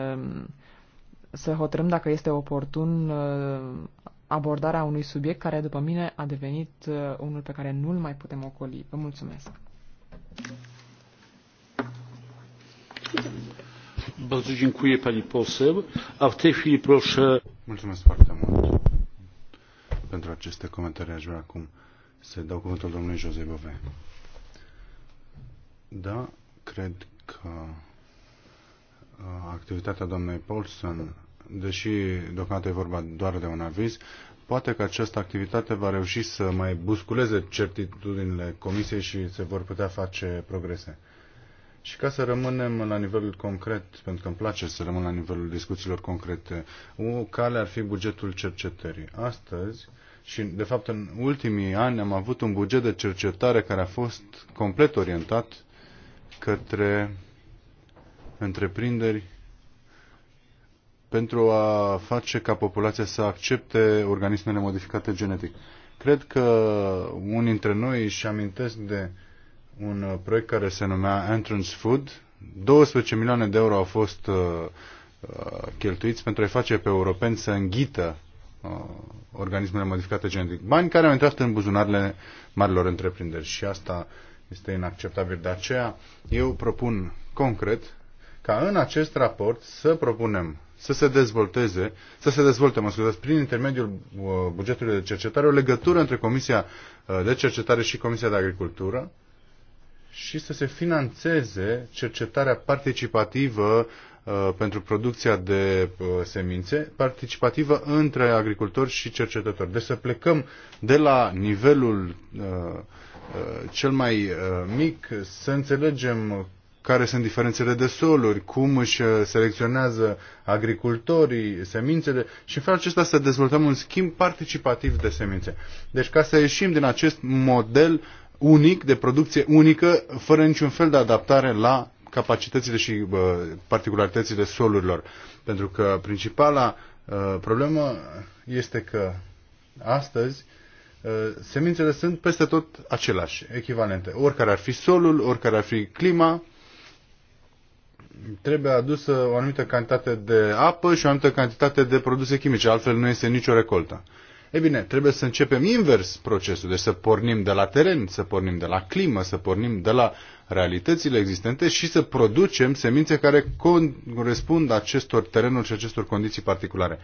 Speaker 4: să hotărâm dacă este oportun uh, abordarea unui subiect care, după mine, a devenit uh, unul pe care nu-l mai putem ocoli. Vă mulțumesc!
Speaker 1: Bardzo dziękuję pani poseł. A w tej chwili proszę. Mulțumesc foarte
Speaker 3: mult pentru aceste comentarii. Aș vrea acum să dau cuvântul domnului Jose Bove. Da, cred că uh, activitatea doamnei Paulson, deși deocamdată e vorba doar de un aviz, poate că această activitate va reuși să mai busculeze certitudinile comisiei și se vor putea face progrese. Și ca să rămânem la nivelul concret, pentru că îmi place să rămân la nivelul discuțiilor concrete, o cale ar fi bugetul cercetării. Astăzi și, de fapt, în ultimii ani am avut un buget de cercetare care a fost complet orientat către întreprinderi pentru a face ca populația să accepte organismele modificate genetic. Cred că unii dintre noi își amintesc de un proiect care se numea Entrance Food. 12 milioane de euro au fost uh, uh, cheltuiți pentru a-i face pe europeni să înghită Uh, organismele modificate genetic. Bani care au intrat în buzunarele marilor întreprinderi și asta este inacceptabil. De aceea eu propun concret ca în acest raport să propunem să se dezvolteze, să se dezvolte, mă scuzați, prin intermediul uh, bugetului de cercetare o legătură între Comisia uh, de Cercetare și Comisia de Agricultură și să se financeze cercetarea participativă Uh, pentru producția de uh, semințe participativă între agricultori și cercetători. Deci să plecăm de la nivelul uh, cel mai mic, să înțelegem care sunt diferențele de soluri, cum își selecționează agricultorii semințele și în felul acesta să dezvoltăm un schimb participativ de semințe. Deci ca să ieșim din acest model unic, de producție unică, fără niciun fel de adaptare la capacitățile și particularitățile solurilor. Pentru că principala uh, problemă este că astăzi uh, semințele sunt peste tot aceleași, echivalente. Oricare ar fi solul, oricare ar fi clima, trebuie adusă o anumită cantitate de apă și o anumită cantitate de produse chimice, altfel nu este nicio recoltă. E bine, trebuie să începem invers procesul, deci să pornim de la teren, să pornim de la climă, să pornim de la realitățile existente și să producem semințe care corespund acestor terenuri și acestor condiții particulare.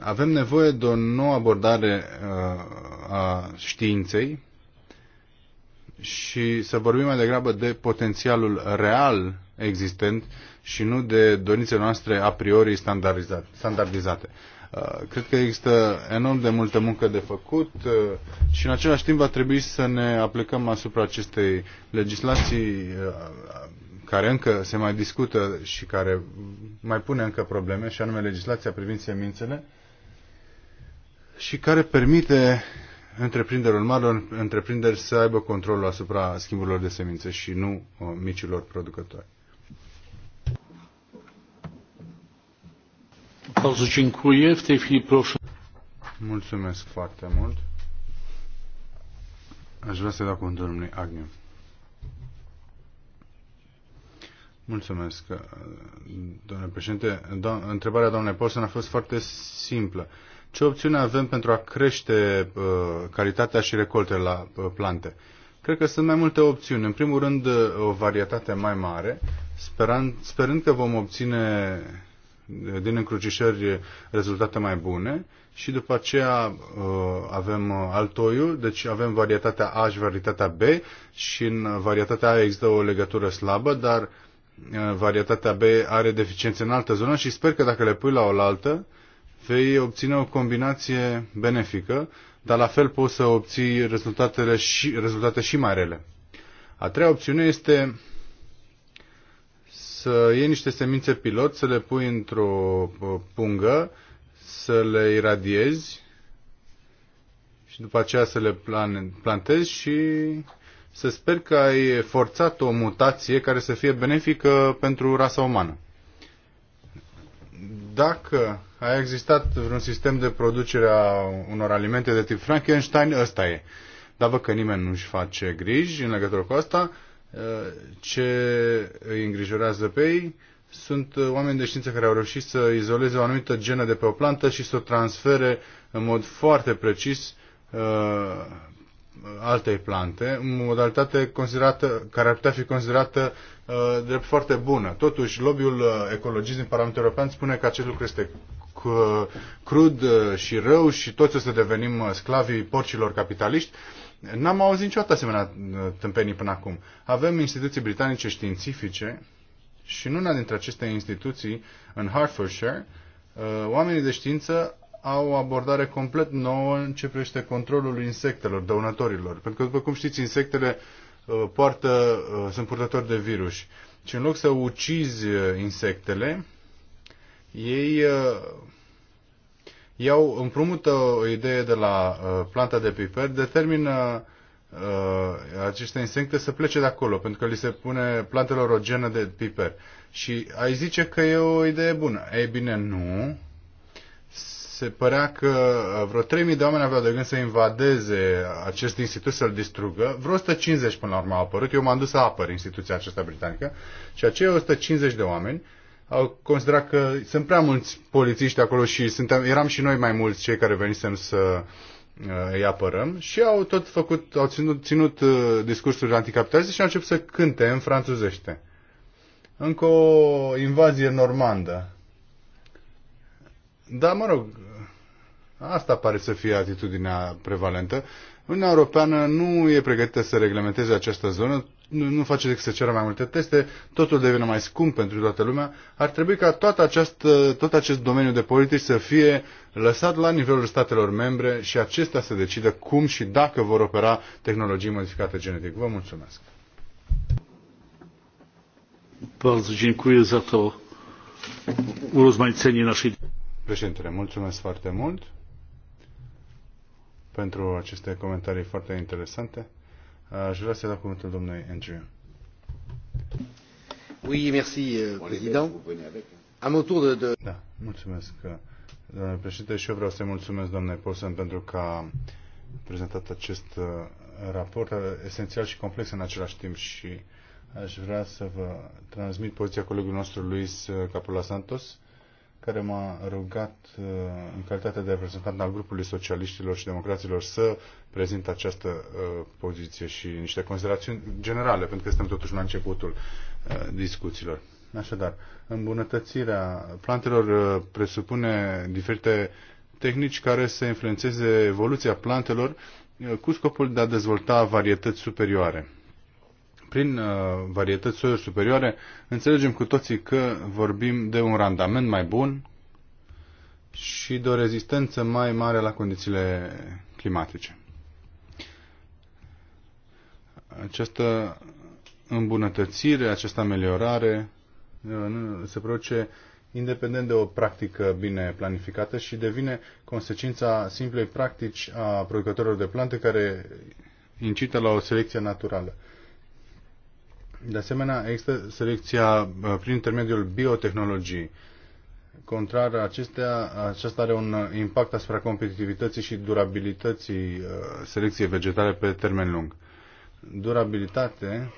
Speaker 3: Avem nevoie de o nouă abordare uh, a științei și să vorbim mai degrabă de potențialul real existent și nu de dorințele noastre a priori standardizate. Uh, cred că există enorm de multă muncă de făcut uh, și în același timp va trebui să ne aplicăm asupra acestei legislații uh, care încă se mai discută și care mai pune încă probleme, și anume legislația privind semințele, și care permite întreprinderilor mari întreprinderi să aibă controlul asupra schimburilor de semințe și nu micilor producători. Mulțumesc foarte mult. Aș vrea să dau cuvântul domnului Agnew. Mulțumesc, uh, domnule președinte. Do- întrebarea doamnei Paulson a fost foarte simplă. Ce opțiune avem pentru a crește uh, calitatea și recoltele la uh, plante? Cred că sunt mai multe opțiuni. În primul rând, uh, o varietate mai mare, speran- sperând că vom obține din încrucișări rezultate mai bune și după aceea uh, avem uh, altoiul, deci avem varietatea A și varietatea B și în varietatea A există o legătură slabă, dar uh, varietatea B are deficiențe în altă zonă și sper că dacă le pui la oaltă, vei obține o combinație benefică, dar la fel poți să obții rezultatele și, rezultate și mai rele. A treia opțiune este să iei niște semințe pilot, să le pui într-o uh, pungă, să le iradiezi și după aceea să le plantezi și să sper că ai forțat o mutație care să fie benefică pentru rasa umană. Dacă a existat vreun sistem de producere a unor alimente de tip Frankenstein, ăsta e. Dar văd că nimeni nu-și face griji în legătură cu asta ce îi îngrijorează pe ei. Sunt oameni de știință care au reușit să izoleze o anumită genă de pe o plantă și să o transfere în mod foarte precis uh, altei plante, în modalitate considerată, care ar putea fi considerată uh, drept foarte bună. Totuși, lobby-ul uh, ecologist din Parlamentul European spune că acest lucru este uh, crud și rău și toți o să devenim sclavii porcilor capitaliști N-am auzit niciodată asemenea uh, tâmpenii până acum. Avem instituții britanice științifice și în una dintre aceste instituții, în Hertfordshire, uh, oamenii de știință au o abordare complet nouă în ce privește controlul insectelor, dăunătorilor. Pentru că, după cum știți, insectele uh, poartă, sunt purtători de virus. Și în loc să ucizi insectele, ei iau, împrumută o idee de la uh, planta de piper, determină uh, aceste insecte să plece de acolo, pentru că li se pune plantelor o genă de piper. Și ai zice că e o idee bună. Ei bine, nu. Se părea că uh, vreo 3000 de oameni aveau de gând să invadeze acest institut, să-l distrugă. Vreo 150 până la urmă au apărut. Eu m-am dus să apăr instituția aceasta britanică. Și acei 150 de oameni uh, au considerat că sunt prea mulți polițiști acolo și suntem, eram și noi mai mulți cei care venisem să uh, îi apărăm și au tot făcut, au ținut, ținut uh, discursuri anticapitaliste și au început să cânte în franțuzește. Încă o invazie normandă. Da, mă rog, asta pare să fie atitudinea prevalentă. Uniunea Europeană nu e pregătită să reglementeze această zonă, nu face decât să ceră mai multe teste, totul devine mai scump pentru toată lumea. Ar trebui ca toată această, tot acest domeniu de politici să fie lăsat la nivelul statelor membre și acestea să decidă cum și dacă vor opera tehnologii modificate genetic. Vă mulțumesc! Bardzo dziękuję za to urozmaicenie naszej... Președintele, mulțumesc foarte mult pentru aceste comentarii foarte interesante. Aș vrea să i dau cuvântul domnului Andrew. Oui, merci, euh, président. À mon tour de... de... Da, mulțumesc, uh, domnule președinte, și eu vreau să-i mulțumesc, domnule Poulsen, pentru că a prezentat acest uh, raport uh, esențial și complex în același timp și aș vrea să vă transmit poziția colegului nostru, Luis Capula Santos, uh, care m-a rugat uh, în calitate de reprezentant al grupului socialiștilor și democraților să prezint această uh, poziție și niște considerații generale, pentru că suntem totuși la începutul uh, discuțiilor. Așadar, îmbunătățirea plantelor presupune diferite tehnici care să influențeze evoluția plantelor cu scopul de a dezvolta varietăți superioare prin uh, varietăți soiuri superioare, înțelegem cu toții că vorbim de un randament mai bun și de o rezistență mai mare la condițiile climatice. Această îmbunătățire, această ameliorare uh, se produce independent de o practică bine planificată și devine consecința simplei practici a producătorilor de plante care incită la o selecție naturală. De asemenea, există selecția uh, prin intermediul biotehnologiei. Contrar acestea, aceasta are un impact asupra competitivității și durabilității uh, selecției vegetale pe termen lung. Durabilitate,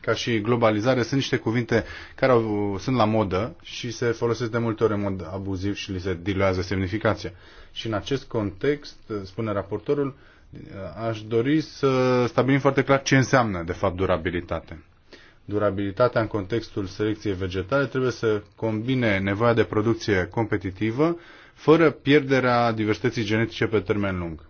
Speaker 3: ca și globalizare, sunt niște cuvinte care au, sunt la modă și se folosesc de multe ori în mod abuziv și li se diluează semnificația. Și în acest context, spune raportorul, Aș dori să stabilim foarte clar ce înseamnă, de fapt, durabilitate. Durabilitatea în contextul selecției vegetale trebuie să combine nevoia de producție competitivă fără pierderea diversității genetice pe termen lung.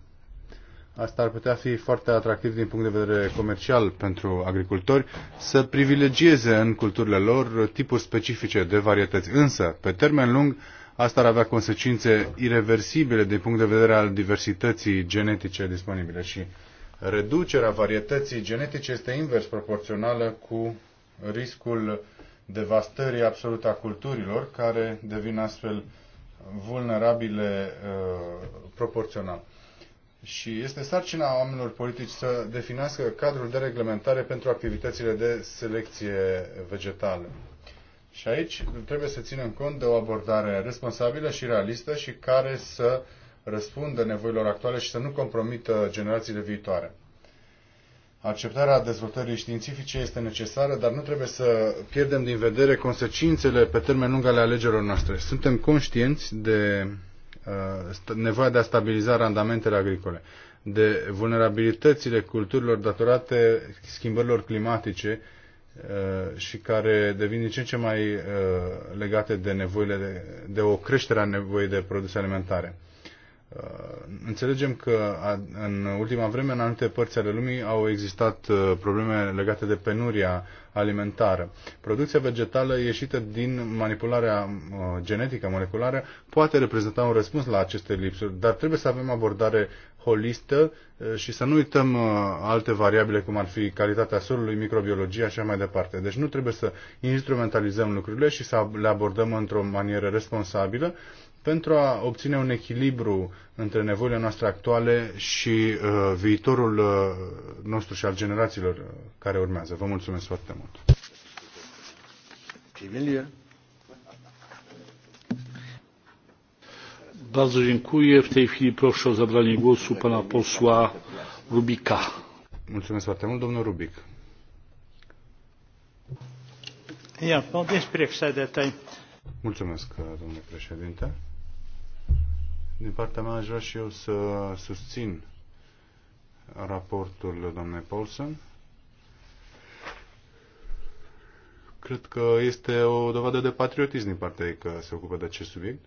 Speaker 3: Asta ar putea fi foarte atractiv din punct de vedere comercial pentru agricultori să privilegieze în culturile lor tipuri specifice de varietăți. Însă, pe termen lung, Asta ar avea consecințe irreversibile din punct de vedere al diversității genetice disponibile și reducerea varietății genetice este invers proporțională cu riscul devastării absolute a culturilor care devin astfel vulnerabile uh, proporțional. Și este sarcina oamenilor politici să definească cadrul de reglementare pentru activitățile de selecție vegetală. Și aici trebuie să ținem cont de o abordare responsabilă și realistă și care să răspundă nevoilor actuale și să nu compromită generațiile viitoare. Acceptarea dezvoltării științifice este necesară, dar nu trebuie să pierdem din vedere consecințele pe termen lung ale alegerilor noastre. Suntem conștienți de uh, nevoia de a stabiliza randamentele agricole, de vulnerabilitățile culturilor datorate schimbărilor climatice Uh, și care devin din ce în ce mai uh, legate de nevoile de, de o creștere a nevoii de produse alimentare. Uh, înțelegem că în ultima vreme, în anumite părți ale lumii, au existat probleme legate de penuria alimentară. Producția vegetală ieșită din manipularea genetică, moleculară, poate reprezenta un răspuns la aceste lipsuri, dar trebuie să avem abordare holistă uh, și să nu uităm uh, alte variabile, cum ar fi calitatea solului, microbiologia și așa mai departe. Deci nu trebuie să instrumentalizăm lucrurile și să le abordăm într-o manieră responsabilă pentru a obține un echilibru între nevoile noastre actuale și uh, viitorul nostru și al generațiilor care urmează. Vă mulțumesc foarte mult! Emilia. Bardzo dziękuję.
Speaker 1: W tej chwili proszę o zabranie głosu pana posła Rubika. Mulțumesc
Speaker 3: foarte mult, domnul Rubic. Mulțumesc, domnule președinte. Din partea mea aș vrea și eu să susțin raportul domnului Paulsen. Cred că este o dovadă de patriotism din partea ei că se ocupă de acest subiect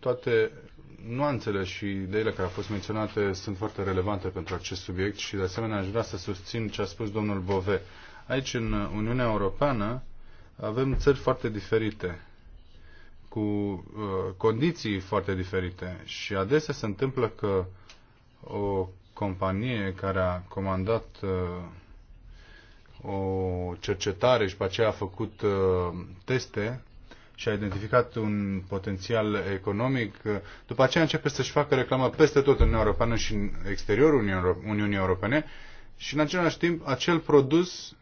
Speaker 3: toate nuanțele și ideile care au fost menționate sunt foarte relevante pentru acest subiect și de asemenea aș vrea să susțin ce a spus domnul Bove. Aici, în Uniunea Europeană, avem țări foarte diferite, cu uh, condiții foarte diferite și adesea se întâmplă că o companie care a comandat uh, o cercetare și pe aceea a făcut uh, teste și a identificat un potențial economic, după aceea începe să-și facă reclamă peste tot în Uniunea Europeană și în exteriorul Uniunii Europene și în același timp acel produs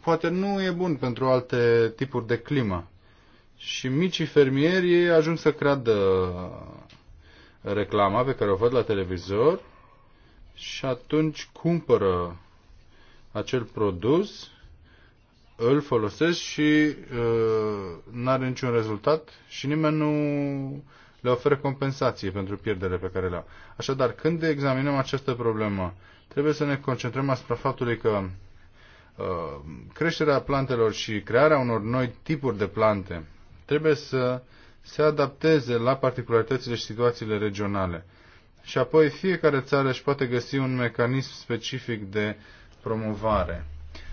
Speaker 3: poate nu e bun pentru alte tipuri de climă. Și micii fermieri ajung să creadă reclama pe care o văd la televizor și atunci cumpără acel produs îl folosesc și uh, nu are niciun rezultat și nimeni nu le oferă compensație pentru pierderile pe care le au. Așadar, când examinăm această problemă, trebuie să ne concentrăm asupra faptului că uh, creșterea plantelor și crearea unor noi tipuri de plante trebuie să se adapteze la particularitățile și situațiile regionale. Și apoi fiecare țară își poate găsi un mecanism specific de promovare.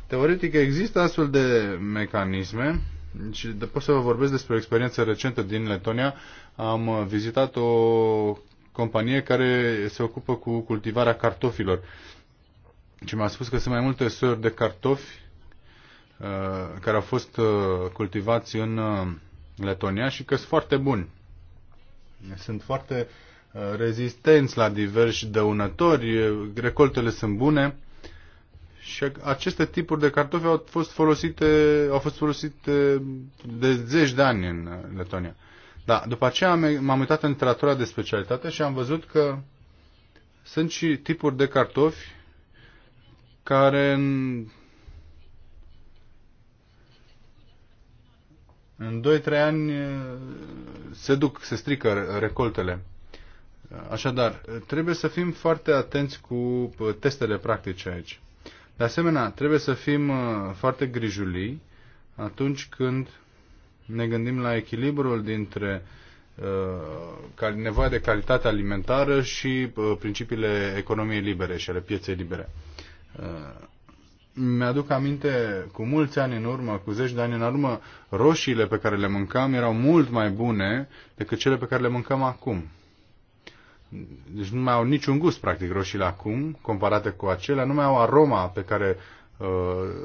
Speaker 3: Teoretic există astfel de mecanisme și de, pot să vă vorbesc despre o experiență recentă din Letonia. Am vizitat o companie care se ocupă cu cultivarea cartofilor și mi-a spus că sunt mai multe sori de cartofi uh, care au fost uh, cultivați în uh, Letonia și că sunt foarte buni. Sunt foarte uh, rezistenți la diversi dăunători, recoltele sunt bune și aceste tipuri de cartofi au fost folosite, au fost folosite de zeci de ani în Letonia. Da, după aceea m-am uitat în literatura de specialitate și am văzut că sunt și tipuri de cartofi care în, în 2-3 ani se duc, se strică recoltele. Așadar, trebuie să fim foarte atenți cu testele practice aici. De asemenea, trebuie să fim uh, foarte grijulii atunci când ne gândim la echilibrul dintre uh, nevoia de calitate alimentară și uh, principiile economiei libere și ale pieței libere. Mi-aduc aminte cu mulți ani în urmă, cu zeci de ani în urmă, roșiile pe care le mâncam erau mult mai bune decât cele pe care le mâncăm acum. Deci nu mai au niciun gust, practic, roșiile acum, comparate cu acelea. Nu mai au aroma pe care uh,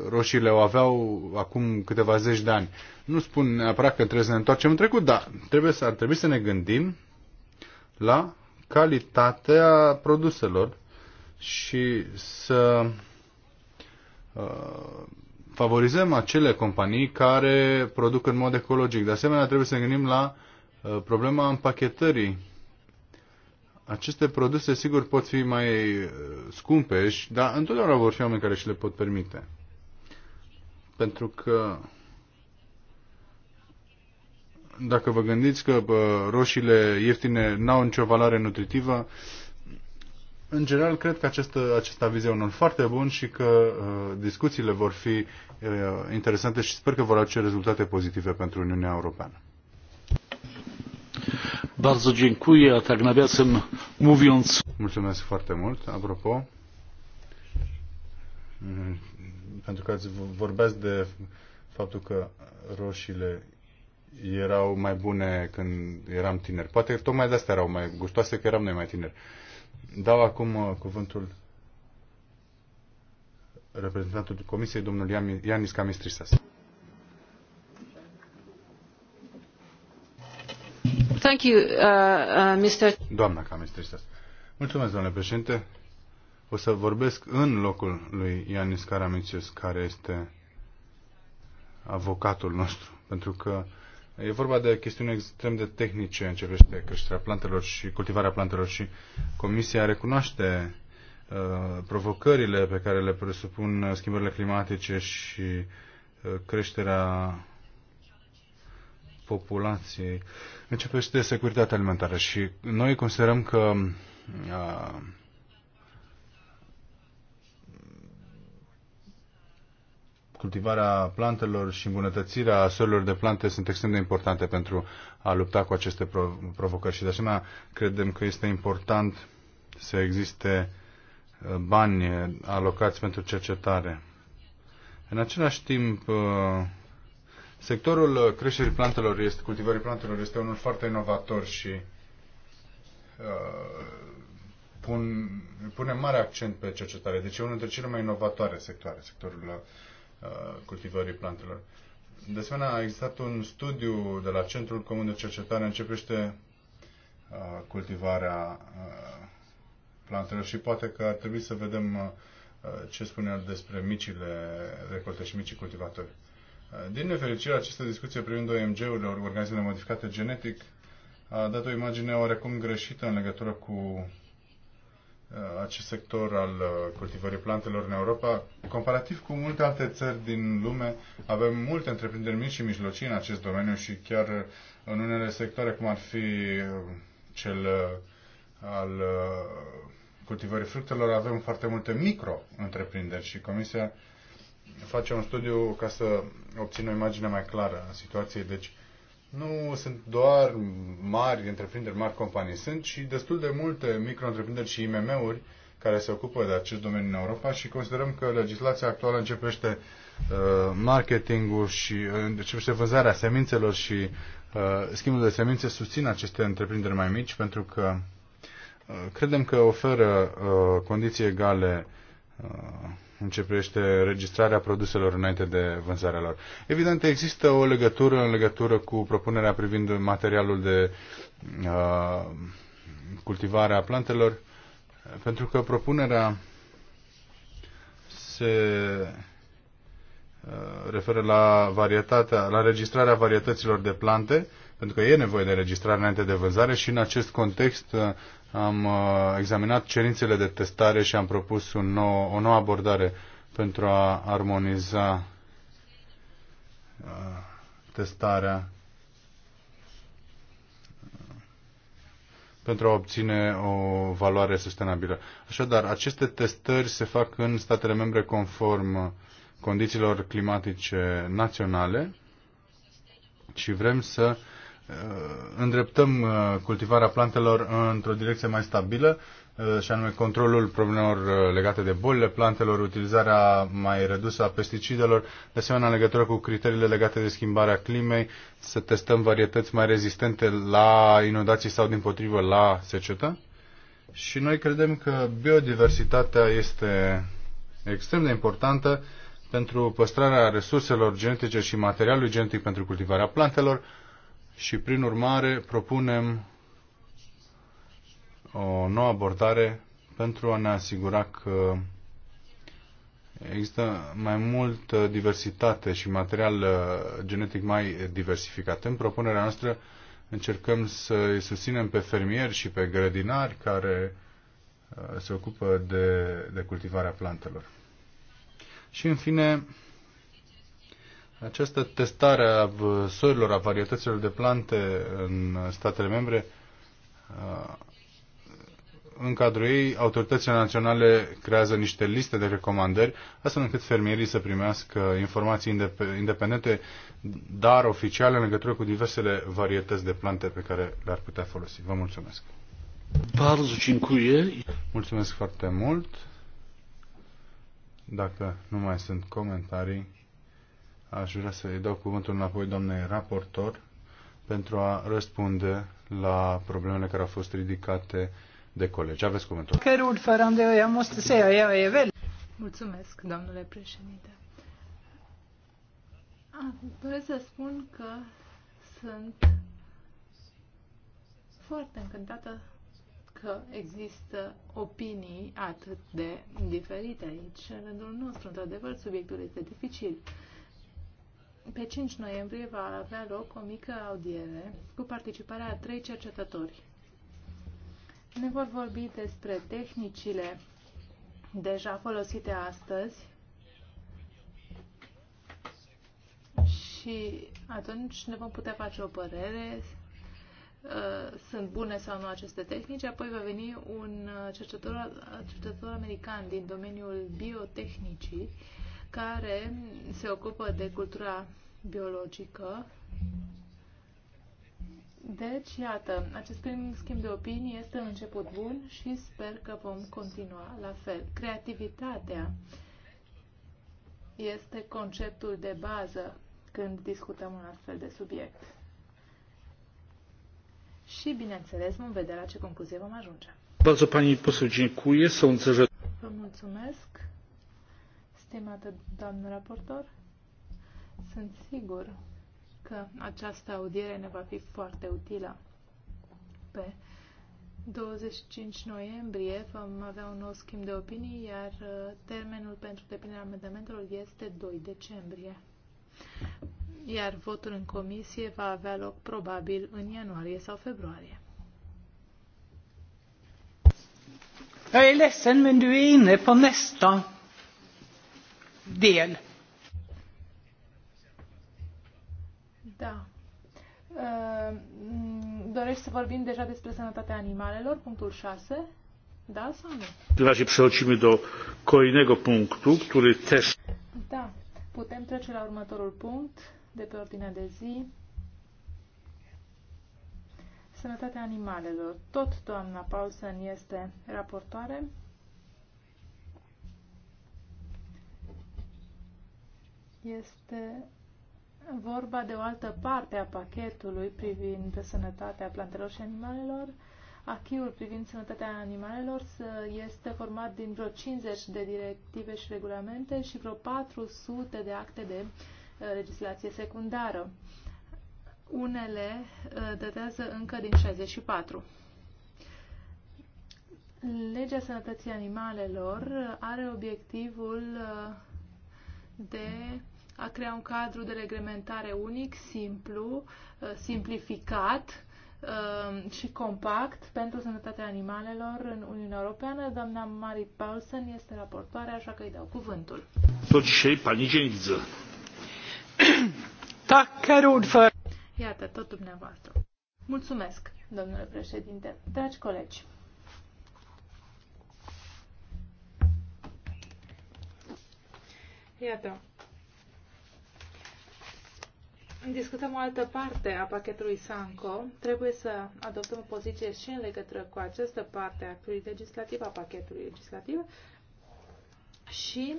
Speaker 3: roșiile o aveau acum câteva zeci de ani. Nu spun neapărat că trebuie să ne întoarcem în trecut, dar trebuie să, ar trebui să ne gândim la calitatea produselor și să uh, favorizăm acele companii care produc în mod ecologic. De asemenea, trebuie să ne gândim la uh, problema împachetării aceste produse, sigur, pot fi mai eh, scumpe, dar întotdeauna vor fi oameni care și le pot permite. Pentru că dacă vă gândiți că bă, roșiile ieftine n-au nicio valoare nutritivă, în general cred că acest, acest aviz e unul foarte bun și că uh, discuțiile vor fi uh, interesante și sper că vor aduce rezultate pozitive pentru Uniunea Europeană. Bardzo dziękuję, a tak nawiasem mówiąc... Mulțumesc foarte mult, apropo. Mm, pentru că vorbesc de faptul că roșiile erau mai bune când eram tineri. Poate tocmai de asta erau mai gustoase că eram noi mai tineri. Dau acum uh, cuvântul reprezentantul Comisiei, domnul Ianis Camistrisas.
Speaker 2: Thank you, uh, uh, Mr.
Speaker 3: Doamna Camistristas. Mulțumesc, domnule președinte. O să vorbesc în locul lui Ianis Karamicius, care este avocatul nostru, pentru că e vorba de chestiuni extrem de tehnice în ce privește creșterea plantelor și cultivarea plantelor și Comisia recunoaște uh, provocările pe care le presupun schimbările climatice și uh, creșterea populației. de securitatea alimentară și noi considerăm că cultivarea plantelor și îmbunătățirea solurilor de plante sunt extrem de importante pentru a lupta cu aceste provocări și de asemenea credem că este important să existe bani alocați pentru cercetare. În același timp, Sectorul uh, creșterii plantelor este, cultivării plantelor este unul foarte inovator și uh, pun, pune mare accent pe cercetare. Deci e unul dintre cele mai inovatoare sectoare, sectorul uh, cultivării plantelor. De asemenea, a existat un studiu de la Centrul Comun de Cercetare, începește uh, cultivarea uh, plantelor și poate că ar trebui să vedem uh, ce spune el despre micile recolte și micii cultivatori. Din nefericire, această discuție privind OMG-urile, organismele modificate genetic, a dat o imagine oarecum greșită în legătură cu uh, acest sector al uh, cultivării plantelor în Europa. Comparativ cu multe alte țări din lume, avem multe întreprinderi mici și mijlocii în acest domeniu și chiar în unele sectoare, cum ar fi uh, cel al cultivării fructelor, avem foarte multe micro-întreprinderi și Comisia face un studiu ca să obțină o imagine mai clară a situației. Deci nu sunt doar mari întreprinderi, mari companii, sunt și destul de multe micro-întreprinderi și IMM-uri care se ocupă de acest domeniu în Europa și considerăm că legislația actuală începește uh, marketingul și uh, începește vânzarea semințelor și uh, schimbul de semințe susțin aceste întreprinderi mai mici pentru că uh, credem că oferă uh, condiții egale uh, în ce privește registrarea produselor înainte de vânzarea lor. Evident, există o legătură în legătură cu propunerea privind materialul de uh, cultivare a plantelor, pentru că propunerea se uh, referă la, varietatea, la registrarea varietăților de plante, pentru că e nevoie de registrare înainte de vânzare și în acest context uh, am uh, examinat cerințele de testare și am propus un nou, o nouă abordare pentru a armoniza uh, testarea uh, pentru a obține o valoare sustenabilă. Așadar, aceste testări se fac în statele membre conform condițiilor climatice naționale și vrem să Uh, îndreptăm uh, cultivarea plantelor într-o direcție mai stabilă uh, și anume controlul problemelor legate de bolile plantelor, utilizarea mai redusă a pesticidelor, de asemenea legătură cu criteriile legate de schimbarea climei, să testăm varietăți mai rezistente la inundații sau din potrivă la secetă. Și noi credem că biodiversitatea este extrem de importantă pentru păstrarea resurselor genetice și materialului genetic pentru cultivarea plantelor, și prin urmare propunem o nouă abordare pentru a ne asigura că există mai multă diversitate și material uh, genetic mai diversificat. În propunerea noastră încercăm să îi susținem pe fermieri și pe grădinari care uh, se ocupă de, de cultivarea plantelor. Și în fine, această testare a sorilor, a varietăților de plante în statele membre, uh, în cadrul ei, autoritățile naționale creează niște liste de recomandări, astfel încât fermierii să primească informații independente, dar oficiale, în legătură cu diversele varietăți de plante pe care le-ar putea folosi. Vă mulțumesc! Mulțumesc foarte mult. Dacă nu mai sunt comentarii, Aș vrea să îi dau cuvântul înapoi doamnei raportor pentru a răspunde la problemele care au fost ridicate de colegi. Aveți cuvântul.
Speaker 2: Mulțumesc, domnule președinte. Ah, doresc să spun că sunt foarte încântată că există opinii atât de diferite aici în rândul nostru. Într-adevăr, subiectul este dificil. Uh, pe 5 noiembrie va avea loc o mică audiere cu participarea a trei cercetători. Ne vor vorbi despre tehnicile deja folosite astăzi și atunci ne vom putea face o părere uh, sunt bune sau nu aceste tehnici. Apoi va veni un uh, cercetător, cercetător american din domeniul biotehnicii care se ocupă de cultura biologică. Deci, iată, acest prim schimb de opinii este un început bun și sper că vom continua la fel. Creativitatea este conceptul de bază când discutăm un astfel de subiect. Și, bineînțeles, vom vedea la ce concluzie vom ajunge. Vă mulțumesc. Stimată doamnă raportor, sunt sigur că această audiere ne va fi foarte utilă. Pe 25 noiembrie vom avea un nou schimb de opinii, iar uh, termenul pentru depinerea amendamentelor este 2 decembrie. Iar votul în comisie va avea loc probabil în ianuarie sau februarie.
Speaker 4: Hei, Lesen, ledsen men du är inne på nästa del.
Speaker 2: Da. Ă, dorești să vorbim deja despre sănătatea animalelor, punctul 6? Da sau nu?
Speaker 1: W razie przechodzimy do kolejnego punktu, który też...
Speaker 2: Da. Putem trece la următorul punct de pe ordinea de zi. Sănătatea animalelor. Tot doamna Paulsen este raportoare. Este vorba de o altă parte a pachetului privind sănătatea plantelor și animalelor. Achiul privind sănătatea animalelor este format din vreo 50 de directive și regulamente și vreo 400 de acte de uh, legislație secundară. Unele uh, datează încă din 64. Legea sănătății animalelor are obiectivul uh, de a crea un cadru de reglementare unic, simplu, uh, simplificat uh, și compact pentru sănătatea animalelor în Uniunea Europeană. Doamna Mari Paulsen este raportoare, așa că îi dau cuvântul.
Speaker 1: Tot ce pani Geniză.
Speaker 3: Da,
Speaker 2: Iată, tot dumneavoastră. Mulțumesc, domnule președinte. Dragi colegi, Iată, discutăm o altă parte a pachetului Sanco, trebuie să adoptăm o poziție și în legătură cu această parte a actului legislativ, a pachetului legislativ și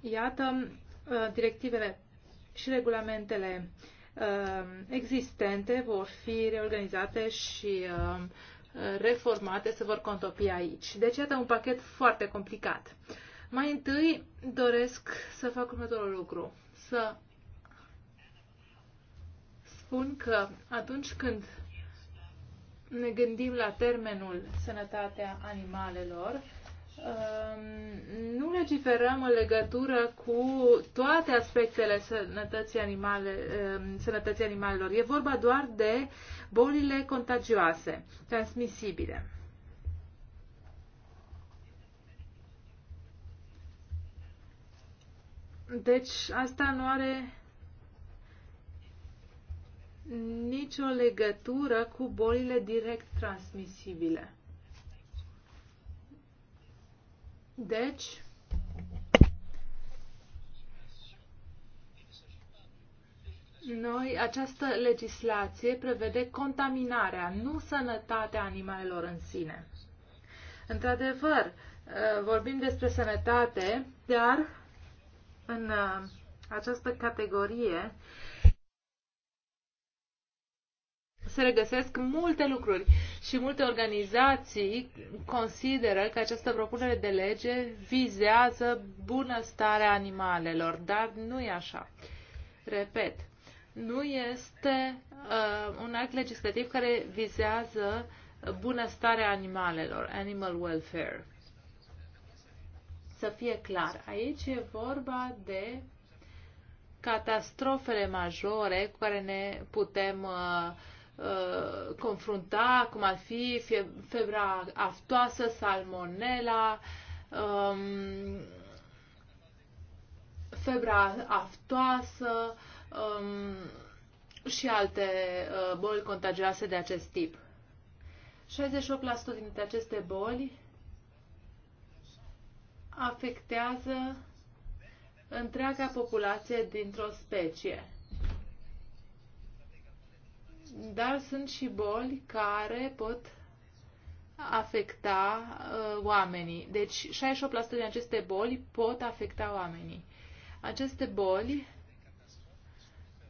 Speaker 2: iată uh, directivele și regulamentele uh, existente vor fi reorganizate și uh, reformate, se vor contopi aici. Deci, iată un pachet foarte complicat. Mai întâi doresc să fac următorul lucru. Să spun că atunci când ne gândim la termenul sănătatea animalelor, um, nu legiferăm în legătură cu toate aspectele sănătății, animale, um, sănătății animalelor. E vorba doar de bolile contagioase, transmisibile. Deci asta nu are nicio legătură cu bolile direct transmisibile. Deci, noi, această legislație prevede contaminarea, nu sănătatea animalelor în sine. Într-adevăr, eh, vorbim despre sănătate, dar în uh, această categorie se regăsesc multe lucruri și multe organizații consideră că această propunere de lege vizează bunăstarea animalelor, dar nu e așa. Repet, nu este uh, un act legislativ care vizează bunăstarea animalelor, animal welfare să fie clar. Aici e vorba de catastrofele majore cu care ne putem uh, uh, confrunta, cum ar fi febra aftoasă, salmonela, um, febra aftoasă um, și alte uh, boli contagioase de acest tip. 68% dintre aceste boli afectează întreaga populație dintr-o specie. Dar sunt și boli care pot afecta uh, oamenii. Deci 68% din aceste boli pot afecta oamenii. Aceste boli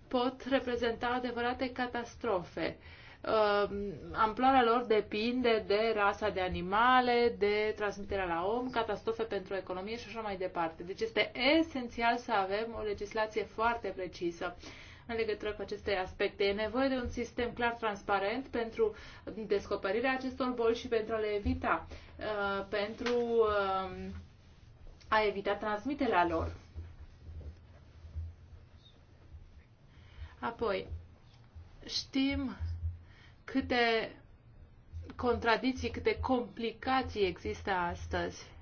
Speaker 2: pot reprezenta adevărate catastrofe. Uh, Um, amploarea lor depinde de rasa de animale, de transmiterea la om, catastrofe pentru economie și așa mai departe. Deci este esențial să avem o legislație foarte precisă în legătură cu aceste aspecte. E nevoie de un sistem clar transparent pentru descoperirea acestor boli și pentru a le evita, uh, pentru um, a evita transmiterea lor. Apoi, știm câte contradicții, câte complicații există astăzi.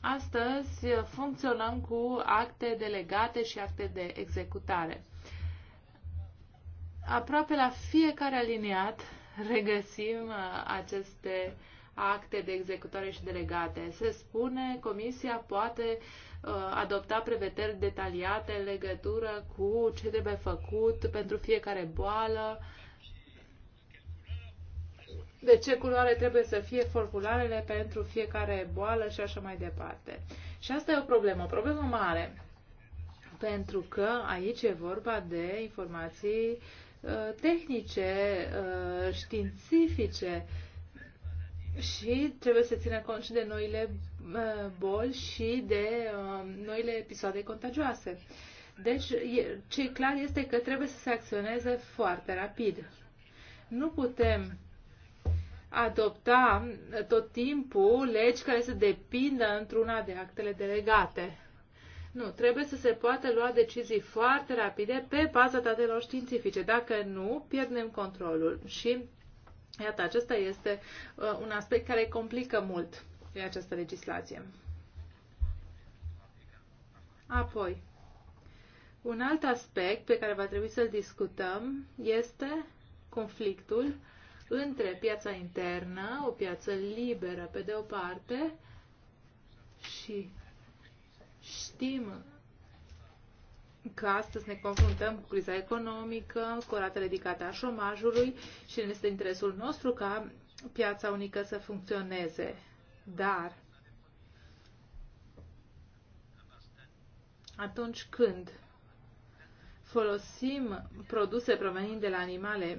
Speaker 2: Astăzi funcționăm cu acte delegate și acte de executare. Aproape la fiecare aliniat regăsim uh, aceste uh, acte de executare și delegate. Se spune comisia poate uh, adopta prevederi detaliate în legătură cu ce trebuie făcut pentru fiecare boală, de ce culoare trebuie să fie formularele pentru fiecare boală și așa mai departe. Și asta e o problemă, o problemă mare, pentru că aici e vorba de informații uh, tehnice, uh, științifice, uh, și trebuie să țină cont și de noile uh, boli și de uh, noile episoade contagioase. Deci, ce e clar este că trebuie să se acționeze foarte rapid. Nu putem adopta tot timpul legi care să depindă într-una de actele delegate. Nu, trebuie să se poată lua decizii foarte rapide pe baza datelor științifice. Dacă nu, pierdem controlul și Iată, acesta este uh, un aspect care complică mult această legislație. Apoi, un alt aspect pe care va trebui să-l discutăm este conflictul între piața internă, o piață liberă pe de o parte, și știm că astăzi ne confruntăm cu criza economică, cu ratele ridicate a șomajului și este interesul nostru ca piața unică să funcționeze. Dar atunci când folosim produse provenind de la animale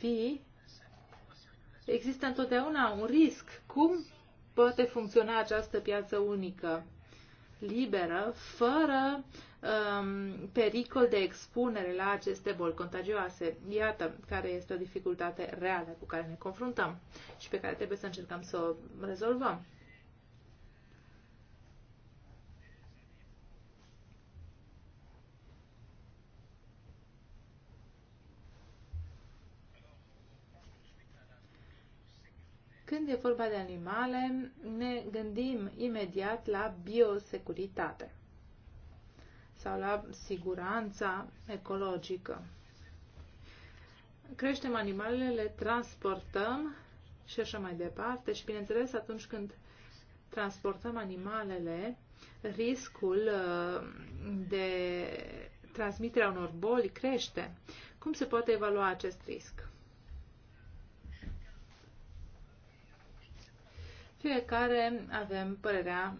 Speaker 2: vii, există întotdeauna un risc. Cum poate funcționa această piață unică? liberă, fără um, pericol de expunere la aceste boli contagioase. Iată care este o dificultate reală cu care ne confruntăm și pe care trebuie să încercăm să o rezolvăm. Când e vorba de animale, ne gândim imediat la biosecuritate sau la siguranța ecologică. Creștem animalele, le transportăm și așa mai departe și, bineînțeles, atunci când transportăm animalele, riscul uh, de transmiterea unor boli crește. Cum se poate evalua acest risc? Fiecare avem părerea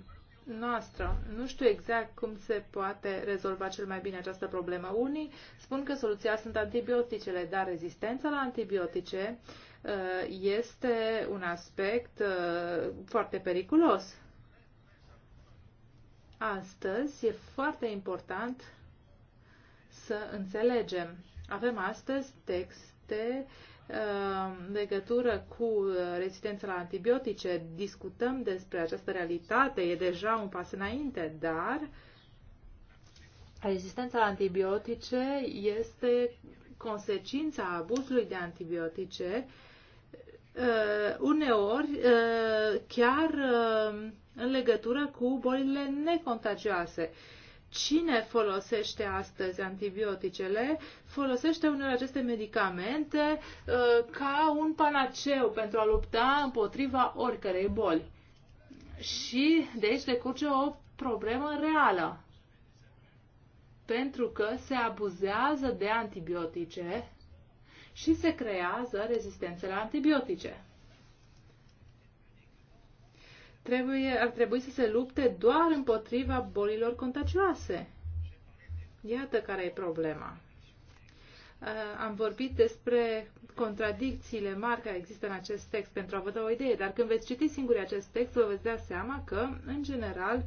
Speaker 2: noastră. Nu știu exact cum se poate rezolva cel mai bine această problemă. Unii spun că soluția sunt antibioticele, dar rezistența la antibiotice uh, este un aspect uh, foarte periculos. Astăzi e foarte important să înțelegem. Avem astăzi texte uh, Uh, legătură cu uh, rezistența la antibiotice, discutăm despre această realitate, e deja un pas înainte, dar rezistența la antibiotice este consecința abuzului de antibiotice, uh, uneori chiar în legătură cu bolile necontagioase cine folosește astăzi antibioticele, folosește unele aceste medicamente uh, ca un panaceu pentru a lupta împotriva oricărei boli. Și de aici decurge o problemă reală. Pentru că se abuzează de antibiotice și se creează rezistențe la antibiotice trebuie, ar trebui să se lupte doar împotriva bolilor contagioase. Iată care e problema. Uh, am vorbit despre contradicțiile mari care există în acest text pentru a vă da o idee, dar când veți citi singuri acest text, vă veți da seama că, în general,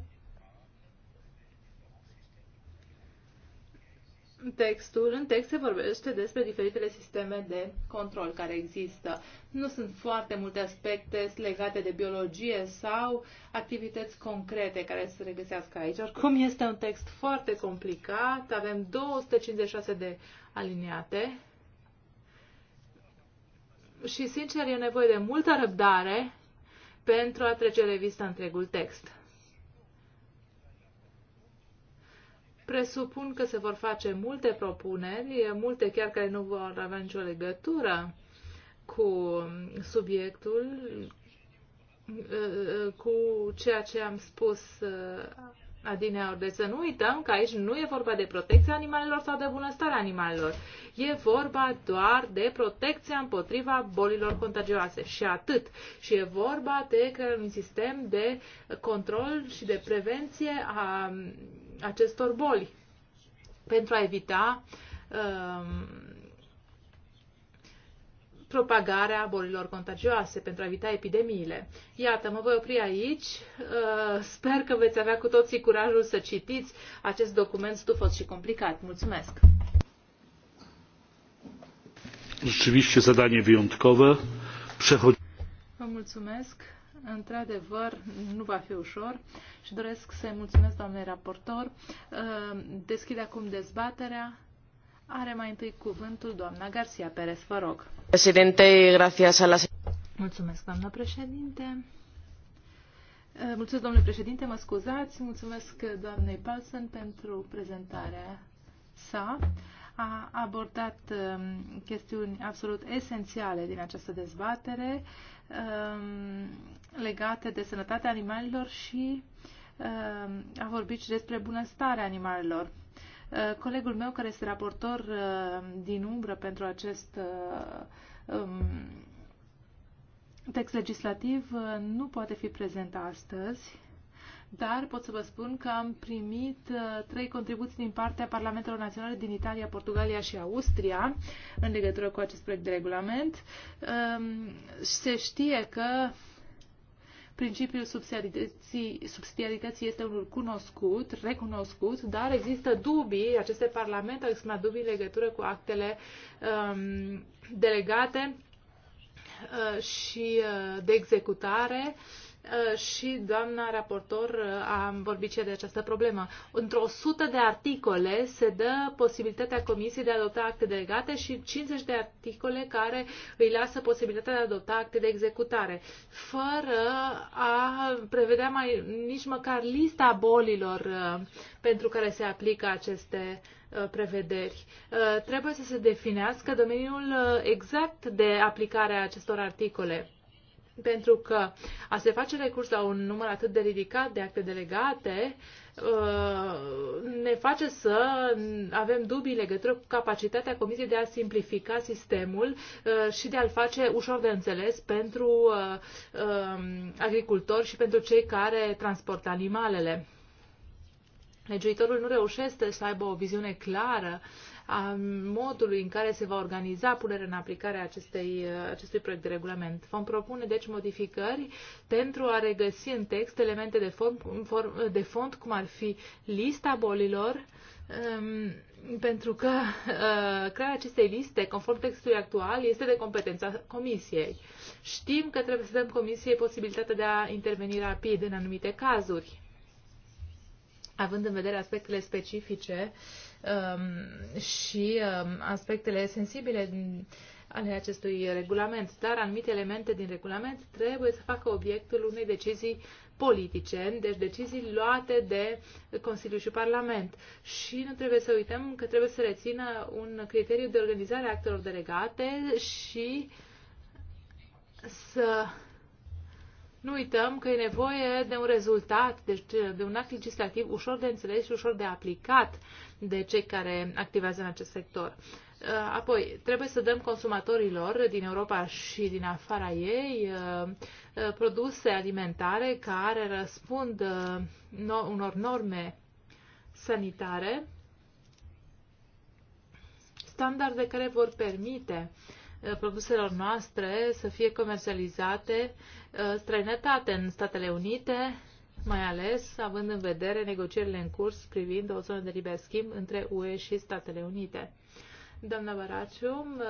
Speaker 2: textul, în text se vorbește despre diferitele sisteme de control care există. Nu sunt foarte multe aspecte legate de biologie sau activități concrete care se regăsească aici. Oricum este un text foarte complicat, avem 256 de aliniate și sincer e nevoie de multă răbdare pentru a trece revista întregul text. Presupun că se vor face multe propuneri, multe chiar care nu vor avea nicio legătură cu subiectul, cu ceea ce am spus Adinea, deci să nu uităm că aici nu e vorba de protecția animalelor sau de bunăstarea animalelor. E vorba doar de protecția împotriva bolilor contagioase și atât. Și e vorba de că un sistem de control și de prevenție a acestor boli pentru a evita um, propagarea bolilor contagioase, pentru a evita epidemiile. Iată, mă voi opri aici. Uh, sper că veți avea cu toții curajul să citiți acest document stufos și complicat. Mulțumesc!
Speaker 1: Rzeczywiście zadanie wyjątkowe. Przechodzi...
Speaker 2: Vă mulțumesc. Într-adevăr, nu va fi ușor și doresc să-i mulțumesc doamnei raportor. Uh, Deschid acum dezbaterea. Are mai întâi cuvântul doamna Garcia Perez, vă rog. Președinte, gracias a la... Mulțumesc, doamna președinte. Uh, mulțumesc, domnule președinte, mă scuzați. Mulțumesc doamnei Paulsen pentru prezentarea sa. A abordat um, chestiuni absolut esențiale din această dezbatere um, legate de sănătatea animalelor și uh, a vorbit și despre bunăstarea animalelor. Uh, colegul meu, care este raportor uh, din umbră pentru acest um, text legislativ, nu poate fi prezent astăzi, dar pot să vă spun că am primit trei contribuții din partea Parlamentelor Naționale din Italia, Portugalia și Austria în legătură cu acest proiect de regulament. Um, se știe că Principiul subsidiarității, subsidiarității este unul cunoscut, recunoscut, dar există dubii, aceste parlamente au exprimat dubii în legătură cu actele um, delegate uh, și uh, de executare. Uh, Uh, și doamna raportor uh, a vorbit și de această problemă. Într-o sută de articole se dă posibilitatea Comisiei de a adopta acte delegate și 50 de articole care îi lasă posibilitatea de a adopta acte de executare, fără a prevedea mai, nici măcar lista bolilor uh, pentru care se aplică aceste prevederi. Trebuie să se definească domeniul exact de aplicare a acestor articole pentru că a se face recurs la un număr atât de ridicat de acte delegate uh, ne face să avem dubii legătură cu capacitatea Comisiei de a simplifica sistemul uh, și de a-l face ușor de înțeles pentru uh, um, agricultori și pentru cei care transportă animalele. Legiuitorul nu reușește să aibă o viziune clară a modului în care se va organiza punerea în aplicare a acestui proiect de regulament. Vom propune, deci, modificări pentru a regăsi în text elemente de fond, de fond cum ar fi lista bolilor, um, pentru că uh, crearea acestei liste, conform textului actual, este de competența Comisiei. Știm că trebuie să dăm Comisiei posibilitatea de a interveni rapid în anumite cazuri, având în vedere aspectele specifice uh, Um, și um, aspectele sensibile ale acestui regulament, dar anumite elemente din regulament trebuie să facă obiectul unei decizii politice, deci decizii luate de Consiliu și Parlament. Și nu trebuie să uităm că trebuie să rețină un criteriu de organizare a actelor delegate și să nu uităm că e nevoie de un rezultat, deci de un act legislativ ușor de înțeles și ușor de aplicat de cei care activează în acest sector. Uh, apoi, trebuie să dăm consumatorilor din Europa și din afara ei uh, uh, produse alimentare care răspund unor norme sanitare, standarde care vor permite produselor noastre să fie comercializate străinătate în Statele Unite, mai ales având în vedere negocierile în curs privind o zonă de liber schimb între UE și Statele Unite. Doamna Baraciu, uh,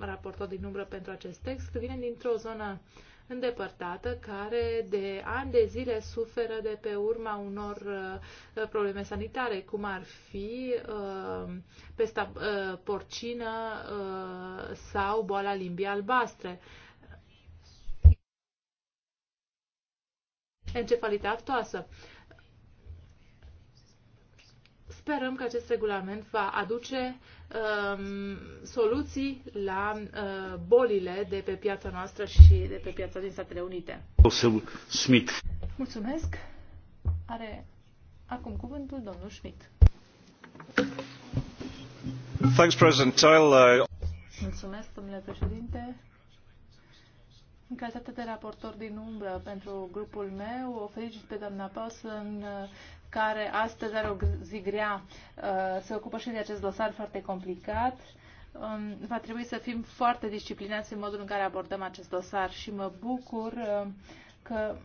Speaker 2: raportor din umbră pentru acest text, vine dintr-o zonă îndepărtată, care de ani de zile suferă de pe urma unor uh, probleme sanitare, cum ar fi uh, pesta uh, porcină uh, sau boala limbii albastre. encefalita aftoasă. Sperăm că acest regulament va aduce um, soluții la uh, bolile de pe piața noastră și de pe piața din Statele Unite. Smith. Mulțumesc. Are acum cuvântul domnul Schmidt.
Speaker 1: Thanks, President. I'll, uh...
Speaker 2: Mulțumesc, domnule președinte. În calitate de raportor din umbră pentru grupul meu, o felicit pe doamna Paulsen, uh, care astăzi are o zi grea, uh, se ocupă și de acest dosar foarte complicat. Um, va trebui să fim foarte disciplinați în modul în care abordăm acest dosar și mă bucur uh, că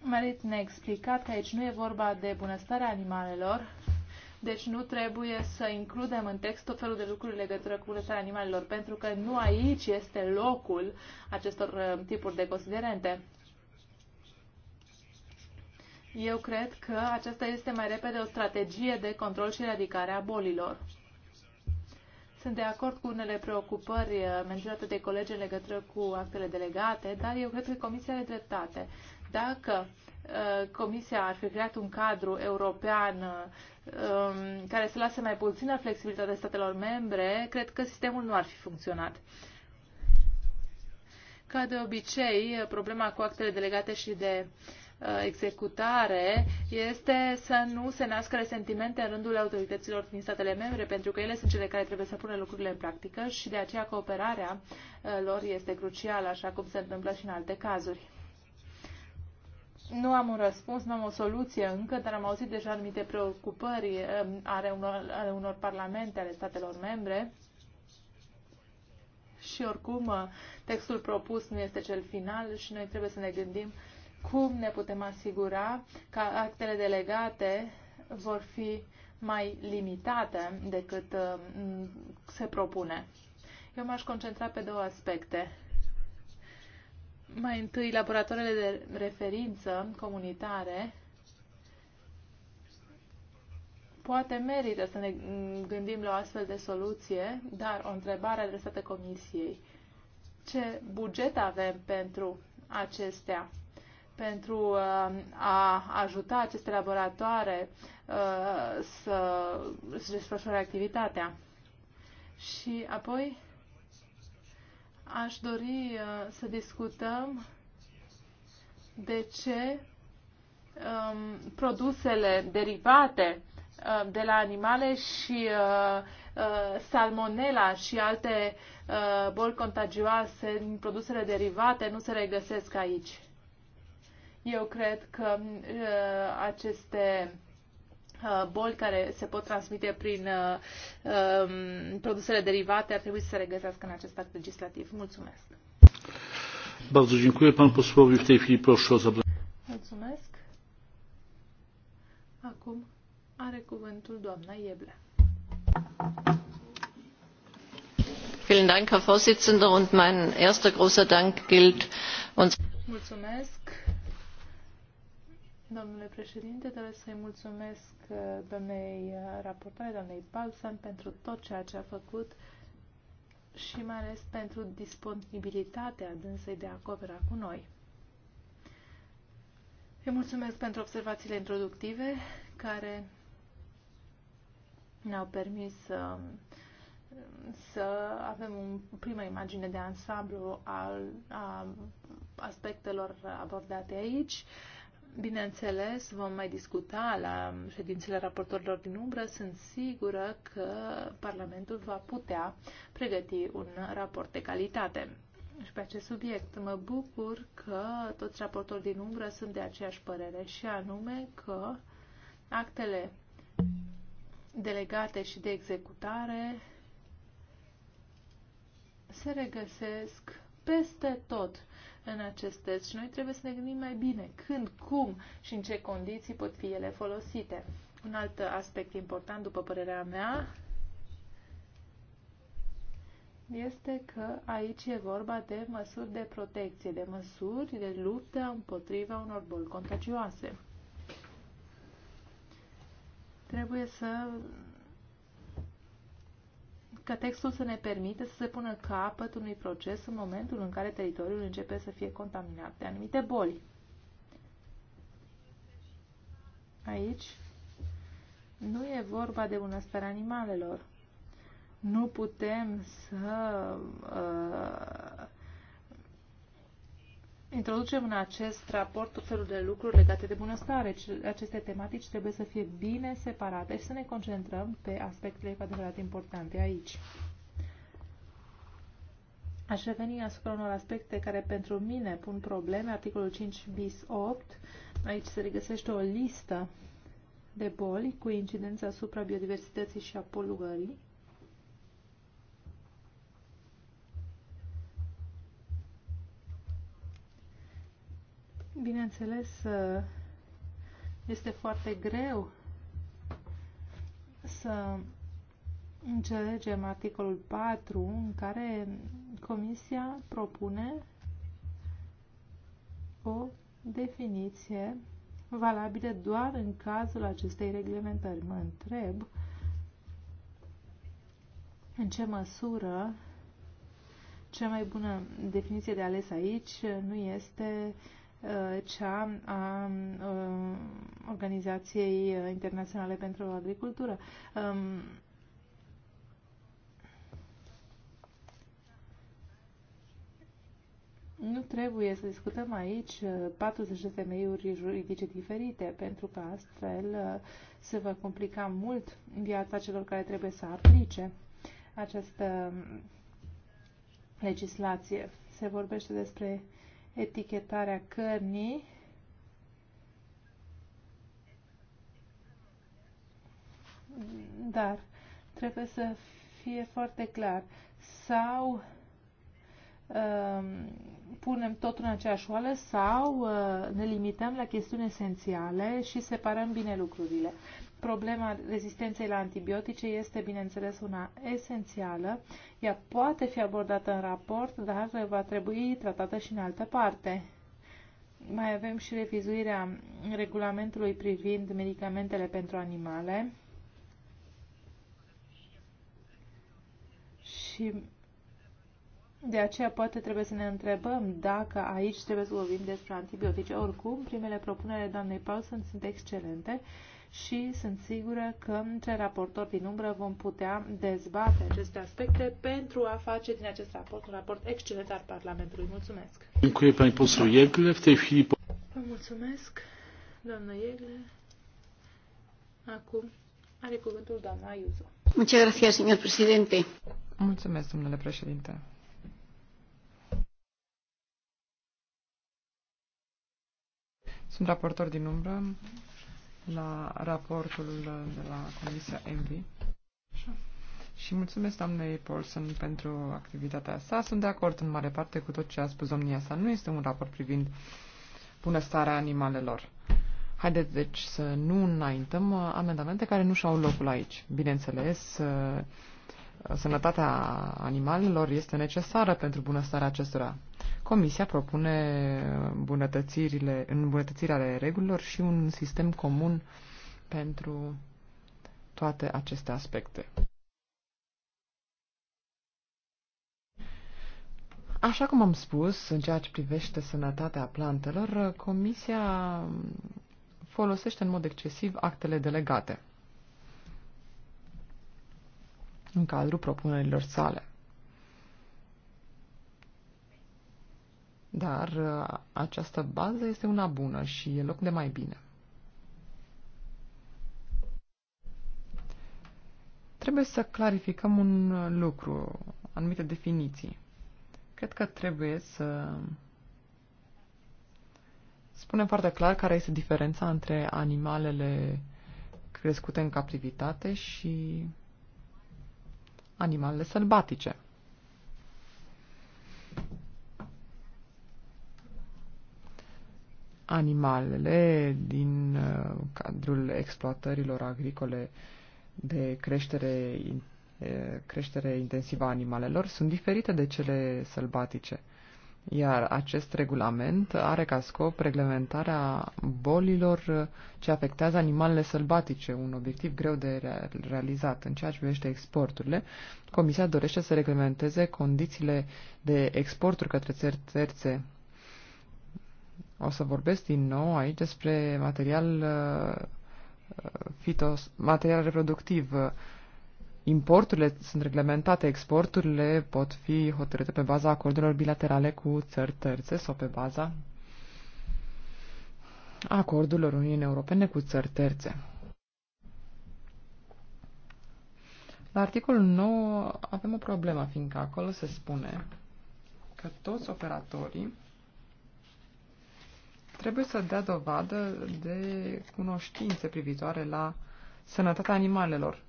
Speaker 2: Marit ne-a explicat că aici nu e vorba de bunăstarea animalelor, deci nu trebuie să includem în text tot felul de lucruri legătură cu bunăstarea animalelor, pentru că nu aici este locul acestor uh, tipuri de considerente. Eu cred că aceasta este mai repede o strategie de control și eradicare a bolilor. Sunt de acord cu unele preocupări uh, menționate de colegi în legătură cu actele delegate, dar eu cred că Comisia are dreptate. Dacă uh, Comisia ar fi creat un cadru european uh, um, care să lase mai puțină flexibilitate statelor membre, cred că sistemul nu ar fi funcționat. Ca de obicei, problema cu actele delegate și de uh, executare este să nu se nască resentimente în rândul autorităților din statele membre, pentru că ele sunt cele care trebuie să pună lucrurile în practică și de aceea cooperarea lor este crucială, așa cum se întâmplă și în alte cazuri. Nu am un răspuns, nu am o soluție încă, dar am auzit deja anumite preocupări ehm, ale unor, ale unor parlamente, ale statelor membre. Și oricum, ă, textul propus nu este cel final și noi trebuie să ne gândim cum ne putem asigura că actele delegate vor fi mai limitate decât ă, se propune. Eu m-aș concentra pe două aspecte mai întâi laboratoarele de referință comunitare poate merită să ne gândim la o astfel de soluție, dar o întrebare adresată Comisiei. Ce buget avem pentru acestea? Pentru uh, a ajuta aceste laboratoare uh, să, să desfășoare activitatea. Și apoi Aș dori uh, să discutăm de ce um, produsele derivate uh, de la animale și uh, uh, salmonela și alte uh, boli contagioase din produsele derivate nu se regăsesc aici. Eu cred că uh, aceste Uh, boli care se pot transmite prin uh, um, produsele derivate ar trebui să se regăsească în acest act legislativ. Mulțumesc.
Speaker 1: Bardzo dziękuję panu posłowi. W tej chwili proszę o zabranie.
Speaker 2: Mulțumesc. Acum are cuvântul doamna Ieble. Vielen Dank, Herr Vorsitzender, und mein erster großer Dank gilt uns. Mulțumesc Domnule președinte, doresc să-i mulțumesc uh, doamnei uh, raportoare, doamnei Palsan, pentru tot ceea ce a făcut și mai ales pentru disponibilitatea dânsei de a coopera cu noi. Îi mulțumesc pentru observațiile introductive care ne-au permis să, um, să avem o primă imagine de ansamblu al a aspectelor abordate aici. Uh, Bineînțeles, vom mai discuta la ședințele raportorilor din umbră. Sunt sigură că Parlamentul va putea pregăti un raport de calitate. Și pe acest subiect mă bucur că toți raportorii din umbră sunt de aceeași părere și anume că actele delegate și de executare se regăsesc peste tot în acest test și noi trebuie să ne gândim mai bine când, cum și în ce condiții pot fi ele folosite. Un alt aspect important, după părerea mea, este că aici e vorba de măsuri de protecție, de măsuri de luptă împotriva unor boli contagioase. Trebuie să că textul să ne permită să se pună capăt unui proces în momentul în care teritoriul începe să fie contaminat de anumite boli. Aici nu e vorba de bunăstarea animalelor. Nu putem să uh, introducem în acest raport tot felul de lucruri legate de bunăstare. Aceste tematici trebuie să fie bine separate și să ne concentrăm pe aspectele cu adevărat importante aici. Aș reveni asupra unor aspecte care pentru mine pun probleme. Articolul 5 bis 8. Aici se regăsește o listă de boli cu incidență asupra biodiversității și a poluării. Bineînțeles, ă, este foarte greu să înțelegem articolul 4 în care Comisia propune o definiție valabilă doar în cazul acestei reglementări. Mă întreb în ce măsură cea mai bună definiție de ales aici nu este uh, cea a Organizației Internaționale pentru Agricultură. Um, nu trebuie să discutăm aici 40 de temeiuri juridice diferite, pentru că astfel uh, se va complica mult viața celor care trebuie să aplice această legislație. Se vorbește despre uh, etichetarea cărnii dar trebuie să fie foarte clar. Sau um, punem totul în aceeași oală sau uh, ne limităm la chestiuni esențiale și separăm bine lucrurile. Problema rezistenței la antibiotice este, bineînțeles, una esențială. Ea poate fi abordată în raport, dar va trebui tratată și în altă parte. Mai avem și revizuirea regulamentului privind medicamentele pentru animale. Și de aceea poate trebuie să ne întrebăm dacă aici trebuie să vorbim despre antibiotice. Oricum, primele propunere doamnei Paulson sunt excelente și sunt sigură că între raportori din umbră vom putea dezbate aceste aspecte pentru a face din acest raport un raport excelent al Parlamentului. Mulțumesc! Vă mulțumesc, doamnă Iegle. Acum are cuvântul doamna Ayuso.
Speaker 4: Muchas gracias, señor Mulțumesc, domnule președinte. Sunt raportor din umbră la raportul de la Comisia Envi. Și mulțumesc doamnei Paulson pentru activitatea sa. Sunt de acord în mare parte cu tot ce a spus domnia sa. Nu este un raport privind bunăstarea animalelor. Haideți, deci, să nu înaintăm amendamente care nu și-au locul aici. Bineînțeles, sănătatea animalelor este necesară pentru bunăstarea acestora. Comisia propune îmbunătățirile, îmbunătățirea ale regulilor și un sistem comun pentru toate aceste aspecte. Așa cum am spus, în ceea ce privește sănătatea plantelor, Comisia folosește în mod excesiv actele delegate în cadrul propunerilor sale. Dar uh, această bază este una bună și e loc de mai bine. Trebuie să clarificăm un lucru, anumite definiții. Cred că trebuie să spunem foarte clar care este diferența între animalele crescute în captivitate și animalele sălbatice. Animalele din uh, cadrul exploatărilor agricole de creștere, uh, creștere intensivă a animalelor sunt diferite de cele sălbatice – iar acest regulament are ca scop reglementarea bolilor ce afectează animalele sălbatice, un obiectiv greu de realizat. În ceea ce privește exporturile, Comisia dorește să reglementeze condițiile de exporturi către țări terțe. O să vorbesc din nou aici despre material, uh, uh, fitos, material reproductiv Importurile sunt reglementate, exporturile pot fi hotărâte pe baza acordurilor bilaterale cu țări terțe sau pe baza acordurilor Uniunii Europene cu țări terțe. La articolul 9 avem o problemă, fiindcă acolo se spune că toți operatorii trebuie să dea dovadă de cunoștințe privitoare la sănătatea animalelor.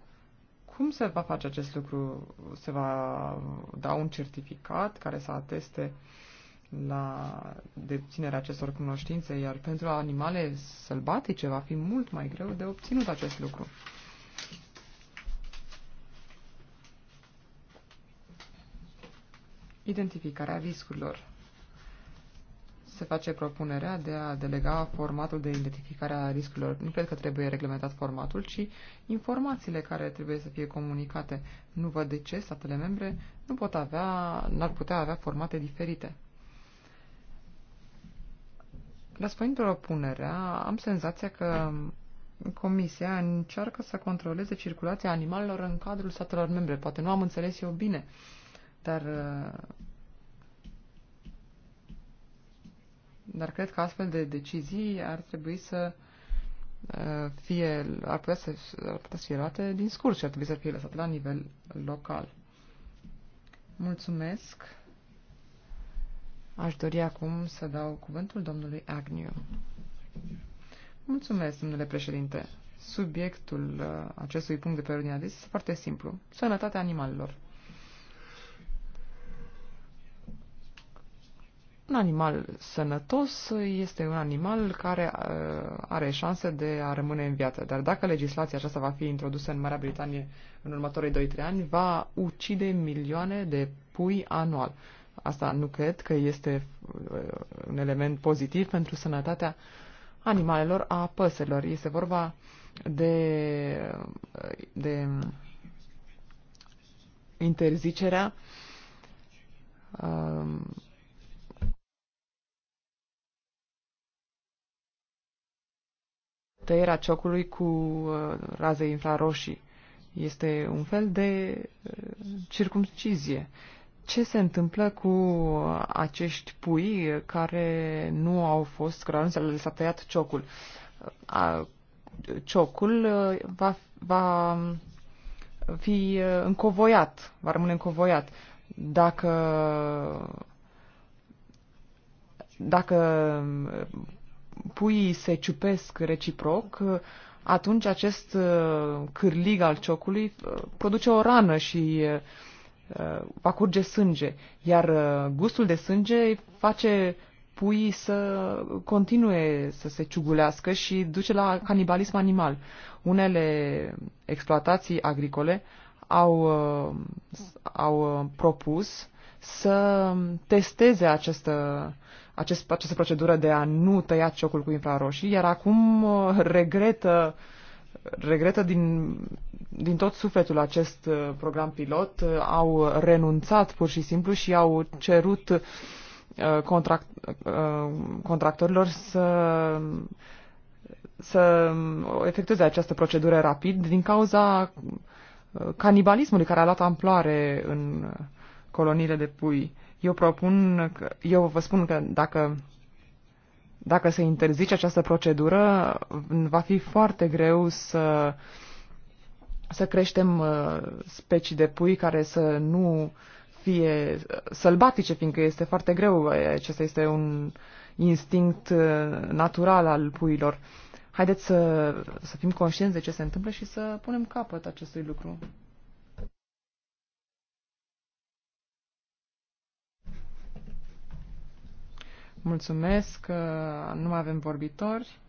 Speaker 4: Cum se va face acest lucru? Se va da un certificat care să ateste la deținerea acestor cunoștințe, iar pentru animale sălbatice va fi mult mai greu de obținut acest lucru. Identificarea riscurilor se face propunerea de a delega formatul de identificare a riscurilor. Nu cred că trebuie reglementat formatul, ci informațiile care trebuie să fie comunicate. Nu văd de ce statele membre nu pot avea, n-ar putea avea formate diferite. Răspăind propunerea, am senzația că Comisia încearcă să controleze circulația animalelor în cadrul statelor membre. Poate nu am înțeles eu bine, dar Dar cred că astfel de decizii ar trebui să uh, fie, ar putea să, ar putea să fie luate din scurs și ar trebui să fie lăsate la nivel local. Mulțumesc. Aș dori acum să dau cuvântul domnului Agniu. Mulțumesc, domnule președinte. Subiectul uh, acestui punct de pe ordinea de este foarte simplu. Sănătatea animalelor. Un animal sănătos este un animal care uh, are șanse de a rămâne în viață, dar dacă legislația aceasta va fi introdusă în Marea Britanie în următorii 2-3 ani, va ucide milioane de pui anual. Asta nu cred că este uh, un element pozitiv pentru sănătatea animalelor, a păsărilor. Este vorba de, de interzicerea uh, tăierea ciocului cu uh, raze infraroșii. Este un fel de uh, circumcizie. Ce se întâmplă cu uh, acești pui care nu au fost, care nu le s-a tăiat ciocul? ciocul va, va um, fi încovoiat, va rămâne încovoiat. Dacă dacă um, puii se ciupesc reciproc, atunci acest uh, cârlig al ciocului uh, produce o rană și uh, va curge sânge, iar gustul de sânge face puii să continue să se ciugulească și duce la canibalism animal. Unele exploatații agricole au, au propus să testeze această acest, această procedură de a nu tăia ciocul cu infraroșii, iar acum uh, regretă, regretă din, din tot sufletul acest uh, program pilot, uh, au renunțat pur și simplu și au cerut contract, contractorilor să să efectueze această procedură rapid din cauza canibalismului care a luat amploare în coloniile de pui. Eu propun, că, eu vă spun că dacă, dacă se interzice această procedură, va fi foarte greu să, să creștem uh, specii de pui care să nu fie sălbatice, fiindcă este foarte greu. Acesta este un instinct uh, natural al puilor. Haideți să, să fim conștienți de ce se întâmplă și să punem capăt acestui lucru. Mulțumesc, nu mai avem vorbitori.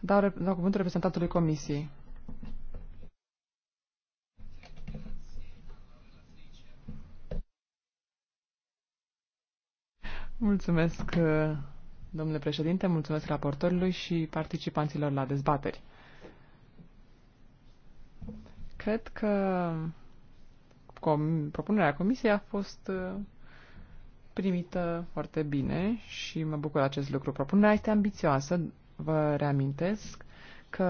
Speaker 4: Dau, dau cuvântul reprezentantului Comisiei. Mulțumesc, domnule președinte, mulțumesc raportorului și participanților la dezbateri. Cred că propunerea comisiei a fost uh, primită foarte bine și mă bucur acest lucru. Propunerea este ambițioasă, vă reamintesc că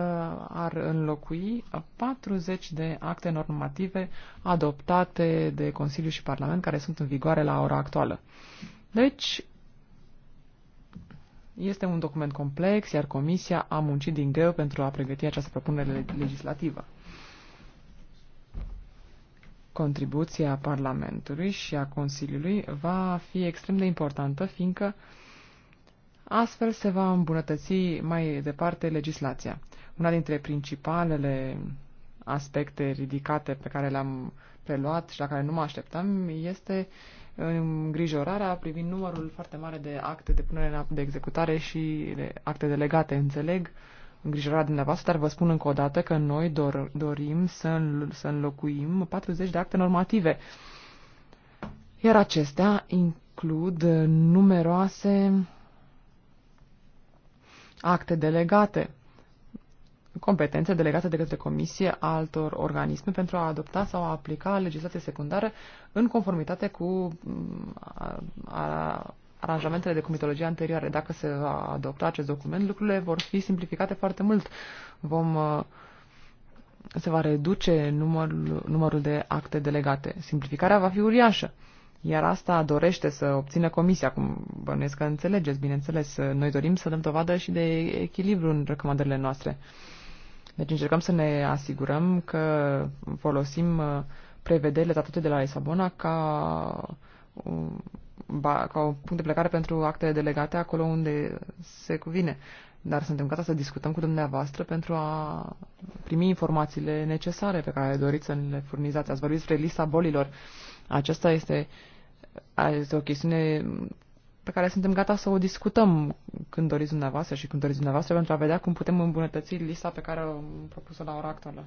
Speaker 4: ar înlocui 40 de acte normative adoptate de Consiliu și Parlament care sunt în vigoare la ora actuală. Deci, este un document complex, iar Comisia a muncit din greu pentru a pregăti această propunere legislativă. Contribuția Parlamentului și a Consiliului va fi extrem de importantă, fiindcă astfel se va îmbunătăți mai departe legislația. Una dintre principalele aspecte ridicate pe care le-am preluat și la care nu mă așteptam este îngrijorarea privind numărul foarte mare de acte de punere de executare și de acte delegate. Înțeleg îngrijorarea dumneavoastră, dar vă spun încă o dată că noi dor, dorim să, să înlocuim 40 de acte normative. Iar acestea includ numeroase acte delegate, competențe delegate de către Comisie altor organisme pentru a adopta sau a aplica legislație secundară în conformitate cu mm, a, a, aranjamentele de comitologie anterioare. Dacă se va adopta acest document, lucrurile vor fi simplificate foarte mult. Vom, uh, se va reduce numărul, numărul de acte delegate. Simplificarea va fi uriașă. Iar asta dorește să obțină comisia, cum bănuiesc că înțelegeți, bineînțeles. Noi dorim să dăm dovadă și de echilibru în recomandările noastre. Deci încercăm să ne asigurăm că folosim uh, prevederile tratate de la Lisabona ca uh, ba, ca un punct de plecare pentru actele delegate acolo unde se cuvine. Dar suntem gata să discutăm cu dumneavoastră pentru a primi informațiile necesare pe care doriți să le furnizați. Ați vorbit despre lista bolilor. Aceasta este, este o chestiune pe care suntem gata să o discutăm când doriți dumneavoastră și când doriți dumneavoastră pentru a vedea cum putem îmbunătăți lista pe care am propus-o la ora actuală.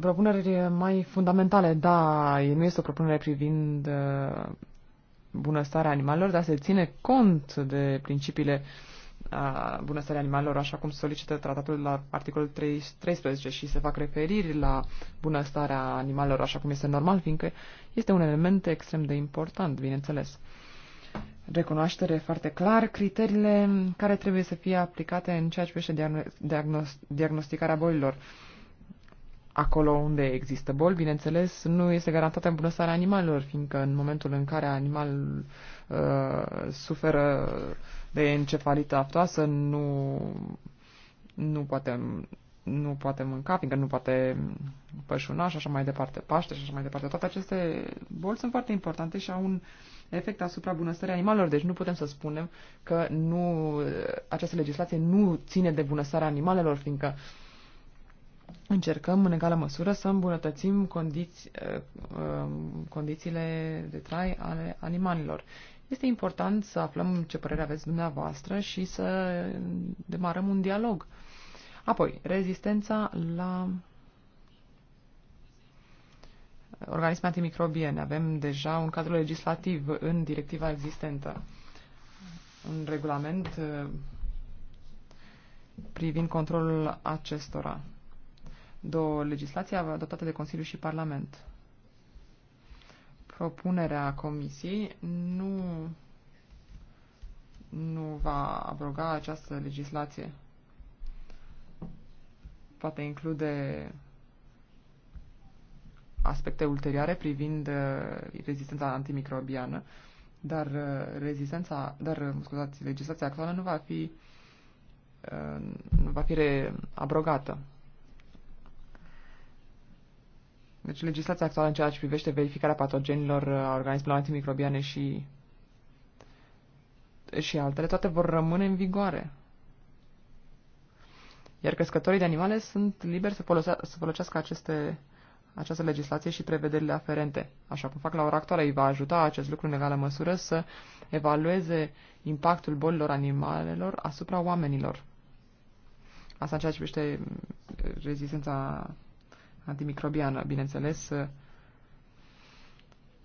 Speaker 4: propuneri mai fundamentale. Da, nu este o propunere privind uh, bunăstarea animalelor, dar se ține cont de principiile uh, bunăstării animalelor, așa cum solicită tratatul la articolul 13 și se fac referiri la bunăstarea animalelor, așa cum este normal, fiindcă este un element extrem de important, bineînțeles. Recunoaștere foarte clar, criteriile care trebuie să fie aplicate în ceea ce privește diagnosticarea bolilor. Uh, acolo unde există boli, bineînțeles, nu este garantată bunăstarea animalelor, fiindcă în momentul în care animalul uh, suferă de encefalită aftoasă, nu, nu, poate, nu poate mânca, fiindcă nu poate pășuna și așa mai departe, paște și așa mai departe. Toate aceste boli sunt foarte importante și au un efect asupra bunăstării animalelor. Deci nu putem să spunem că nu, această legislație nu ține de bunăstarea animalelor, fiindcă uh, încercăm în egală măsură să îmbunătățim condiți, eh, eh, condițiile de trai ale animalilor. Este important să aflăm ce părere aveți dumneavoastră și să demarăm un dialog. Apoi, rezistența la organisme antimicrobiene. Avem deja un cadru legislativ în directiva existentă. Un regulament eh, privind controlul acestora două legislații adoptate de Consiliu și Parlament. Propunerea Comisiei nu, nu va abroga această legislație. Poate include aspecte ulterioare privind uh, rezistența antimicrobiană, dar uh, rezistența, dar, uh, scuzați, legislația actuală nu va fi nu va fi abrogată. Deci legislația actuală în ceea ce privește verificarea patogenilor uh, a organismelor antimicrobiane și, și altele, toate vor rămâne în vigoare. Iar crescătorii de animale sunt liberi să, folosea, să folosească aceste, această legislație și prevederile aferente. Așa cum fac la ora actuală, îi va ajuta acest lucru în egală măsură să evalueze impactul bolilor animalelor asupra oamenilor. Asta în ceea ce privește mm, rezistența antimicrobiană. Bineînțeles,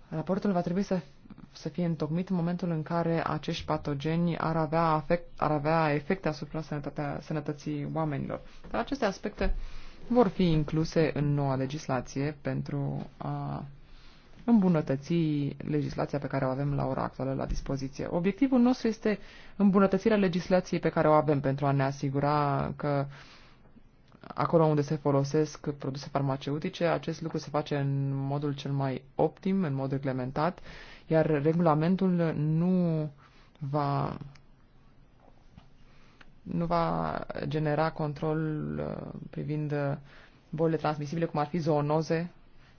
Speaker 4: raportul va trebui să, să fie întocmit în momentul în care acești patogeni ar avea, afect, ar avea efecte asupra sănătății oamenilor. Dar aceste aspecte vor fi incluse în noua legislație pentru a îmbunătăți legislația pe care o avem la ora actuală la dispoziție. Obiectivul nostru este îmbunătățirea legislației pe care o avem pentru a ne asigura că acolo unde se folosesc produse farmaceutice, acest lucru se face în modul cel mai optim, în mod reglementat, iar regulamentul nu va nu va genera control uh, privind uh, bolile transmisibile, cum ar fi zoonoze,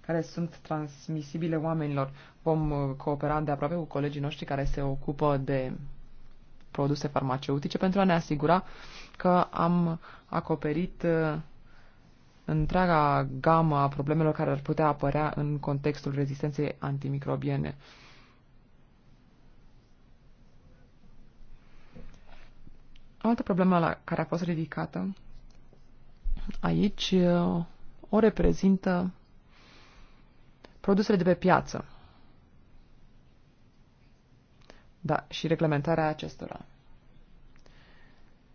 Speaker 4: care sunt transmisibile oamenilor. Vom uh, coopera de aproape cu colegii noștri care se ocupă de produse farmaceutice pentru a ne asigura că am acoperit uh, întreaga gamă a problemelor care ar putea apărea în contextul rezistenței antimicrobiene. O altă problemă la care a fost ridicată aici uh, o reprezintă produsele de pe piață da, și reglementarea acestora.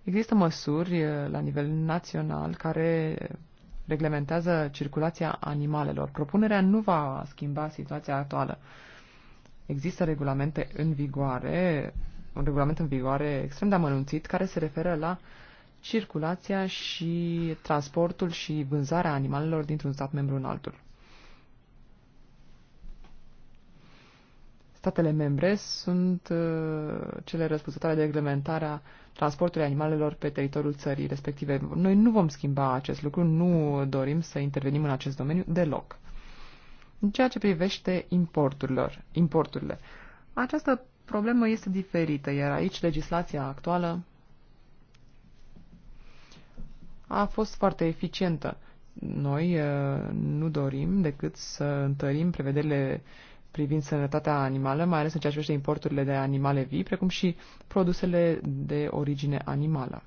Speaker 4: Există măsuri eh, la nivel național care reglementează circulația animalelor. Propunerea nu va schimba situația actuală. Există regulamente în vigoare, un regulament în vigoare extrem de amănunțit care se referă la circulația și transportul și vânzarea animalelor dintr-un stat membru în altul. statele membre sunt uh, cele răspunzătoare de reglementarea transportului animalelor pe teritoriul țării respective. Noi nu vom schimba acest lucru, nu dorim să intervenim în acest domeniu deloc. În ceea ce privește importurilor, importurile, această problemă este diferită, iar aici legislația actuală a fost foarte eficientă. Noi uh, nu dorim decât să întărim prevederile privind sănătatea animală, mai ales în ceea ce privește importurile de animale vii, precum și produsele de origine animală.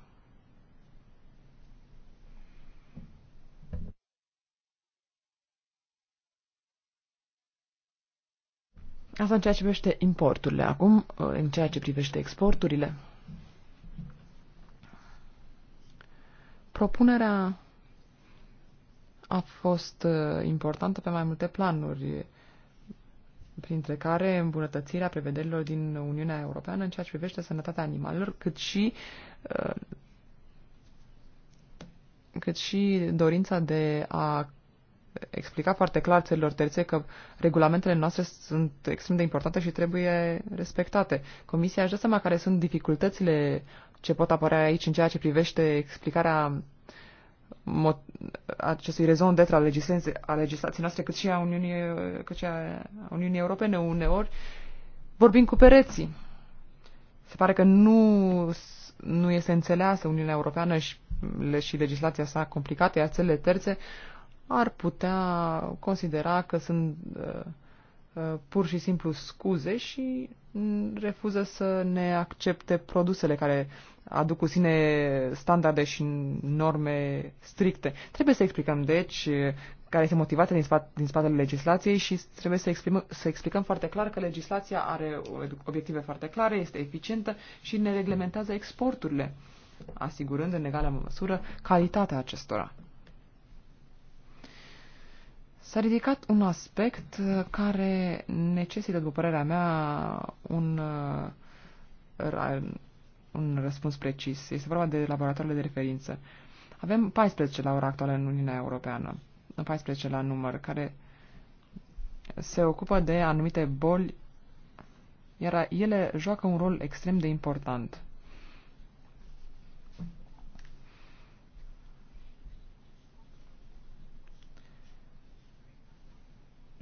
Speaker 4: Asta în ceea ce privește importurile. Acum, în ceea ce privește exporturile, propunerea a fost uh, importantă pe mai multe planuri printre care îmbunătățirea prevederilor din Uniunea Europeană în ceea ce privește sănătatea animalelor, cât și uh, cât și dorința de a explica foarte clar țărilor terțe că regulamentele noastre sunt extrem de importante și trebuie respectate. Comisia își dă seama care sunt dificultățile ce pot apărea aici în ceea ce privește explicarea acestui rezon de al a legislației noastre, cât și a Uniunii, cât și a Uniunii Europene uneori, vorbim cu pereții. Se pare că nu, nu este înțeleasă Uniunea Europeană și, le, și legislația sa complicată, iar țările terțe ar putea considera că sunt uh, Uh, pur și simplu scuze și refuză să ne accepte produsele care aduc cu sine standarde și norme stricte. Trebuie să explicăm, deci, uh, care este motivată din, spate, din spatele legislației și trebuie să, exprimă, să explicăm foarte clar că legislația are obiective foarte clare, este eficientă și ne reglementează exporturile, asigurând în egală măsură calitatea acestora. S-a ridicat un aspect uh, care necesită, după părerea mea, un, uh, un răspuns precis. Este vorba de laboratoarele de referință. Avem 14 la ora actuală în Uniunea Europeană, 14 la număr, care se ocupă de anumite boli, iar ele joacă un rol extrem de important.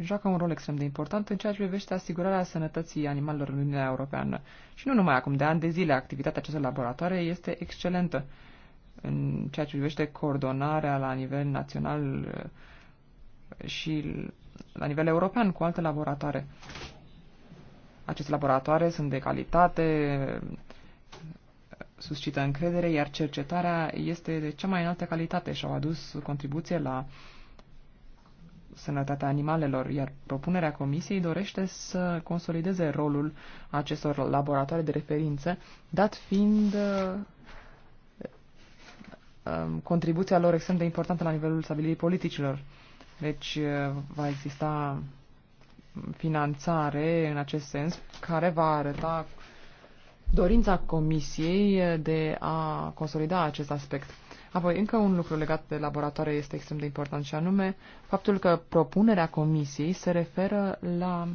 Speaker 4: joacă un rol extrem de important în ceea ce privește asigurarea sănătății animalelor în Uniunea Europeană. Și nu numai acum, de ani de zile, activitatea acestor laboratoare este excelentă în ceea ce privește coordonarea la nivel național eh, și la nivel european cu alte laboratoare. Aceste laboratoare sunt de calitate, eh, suscită încredere, iar cercetarea este de cea mai înaltă calitate și au adus contribuție la uh, sănătatea animalelor, iar propunerea Comisiei dorește să consolideze rolul acestor laboratoare de referință, dat fiind uh, um, contribuția lor extrem de importantă la nivelul stabilirii politicilor. Deci uh, va exista finanțare în acest sens care va arăta dorința Comisiei de a consolida acest aspect. Apoi, încă un lucru legat de laboratoare este extrem de important și anume faptul că propunerea comisiei se referă la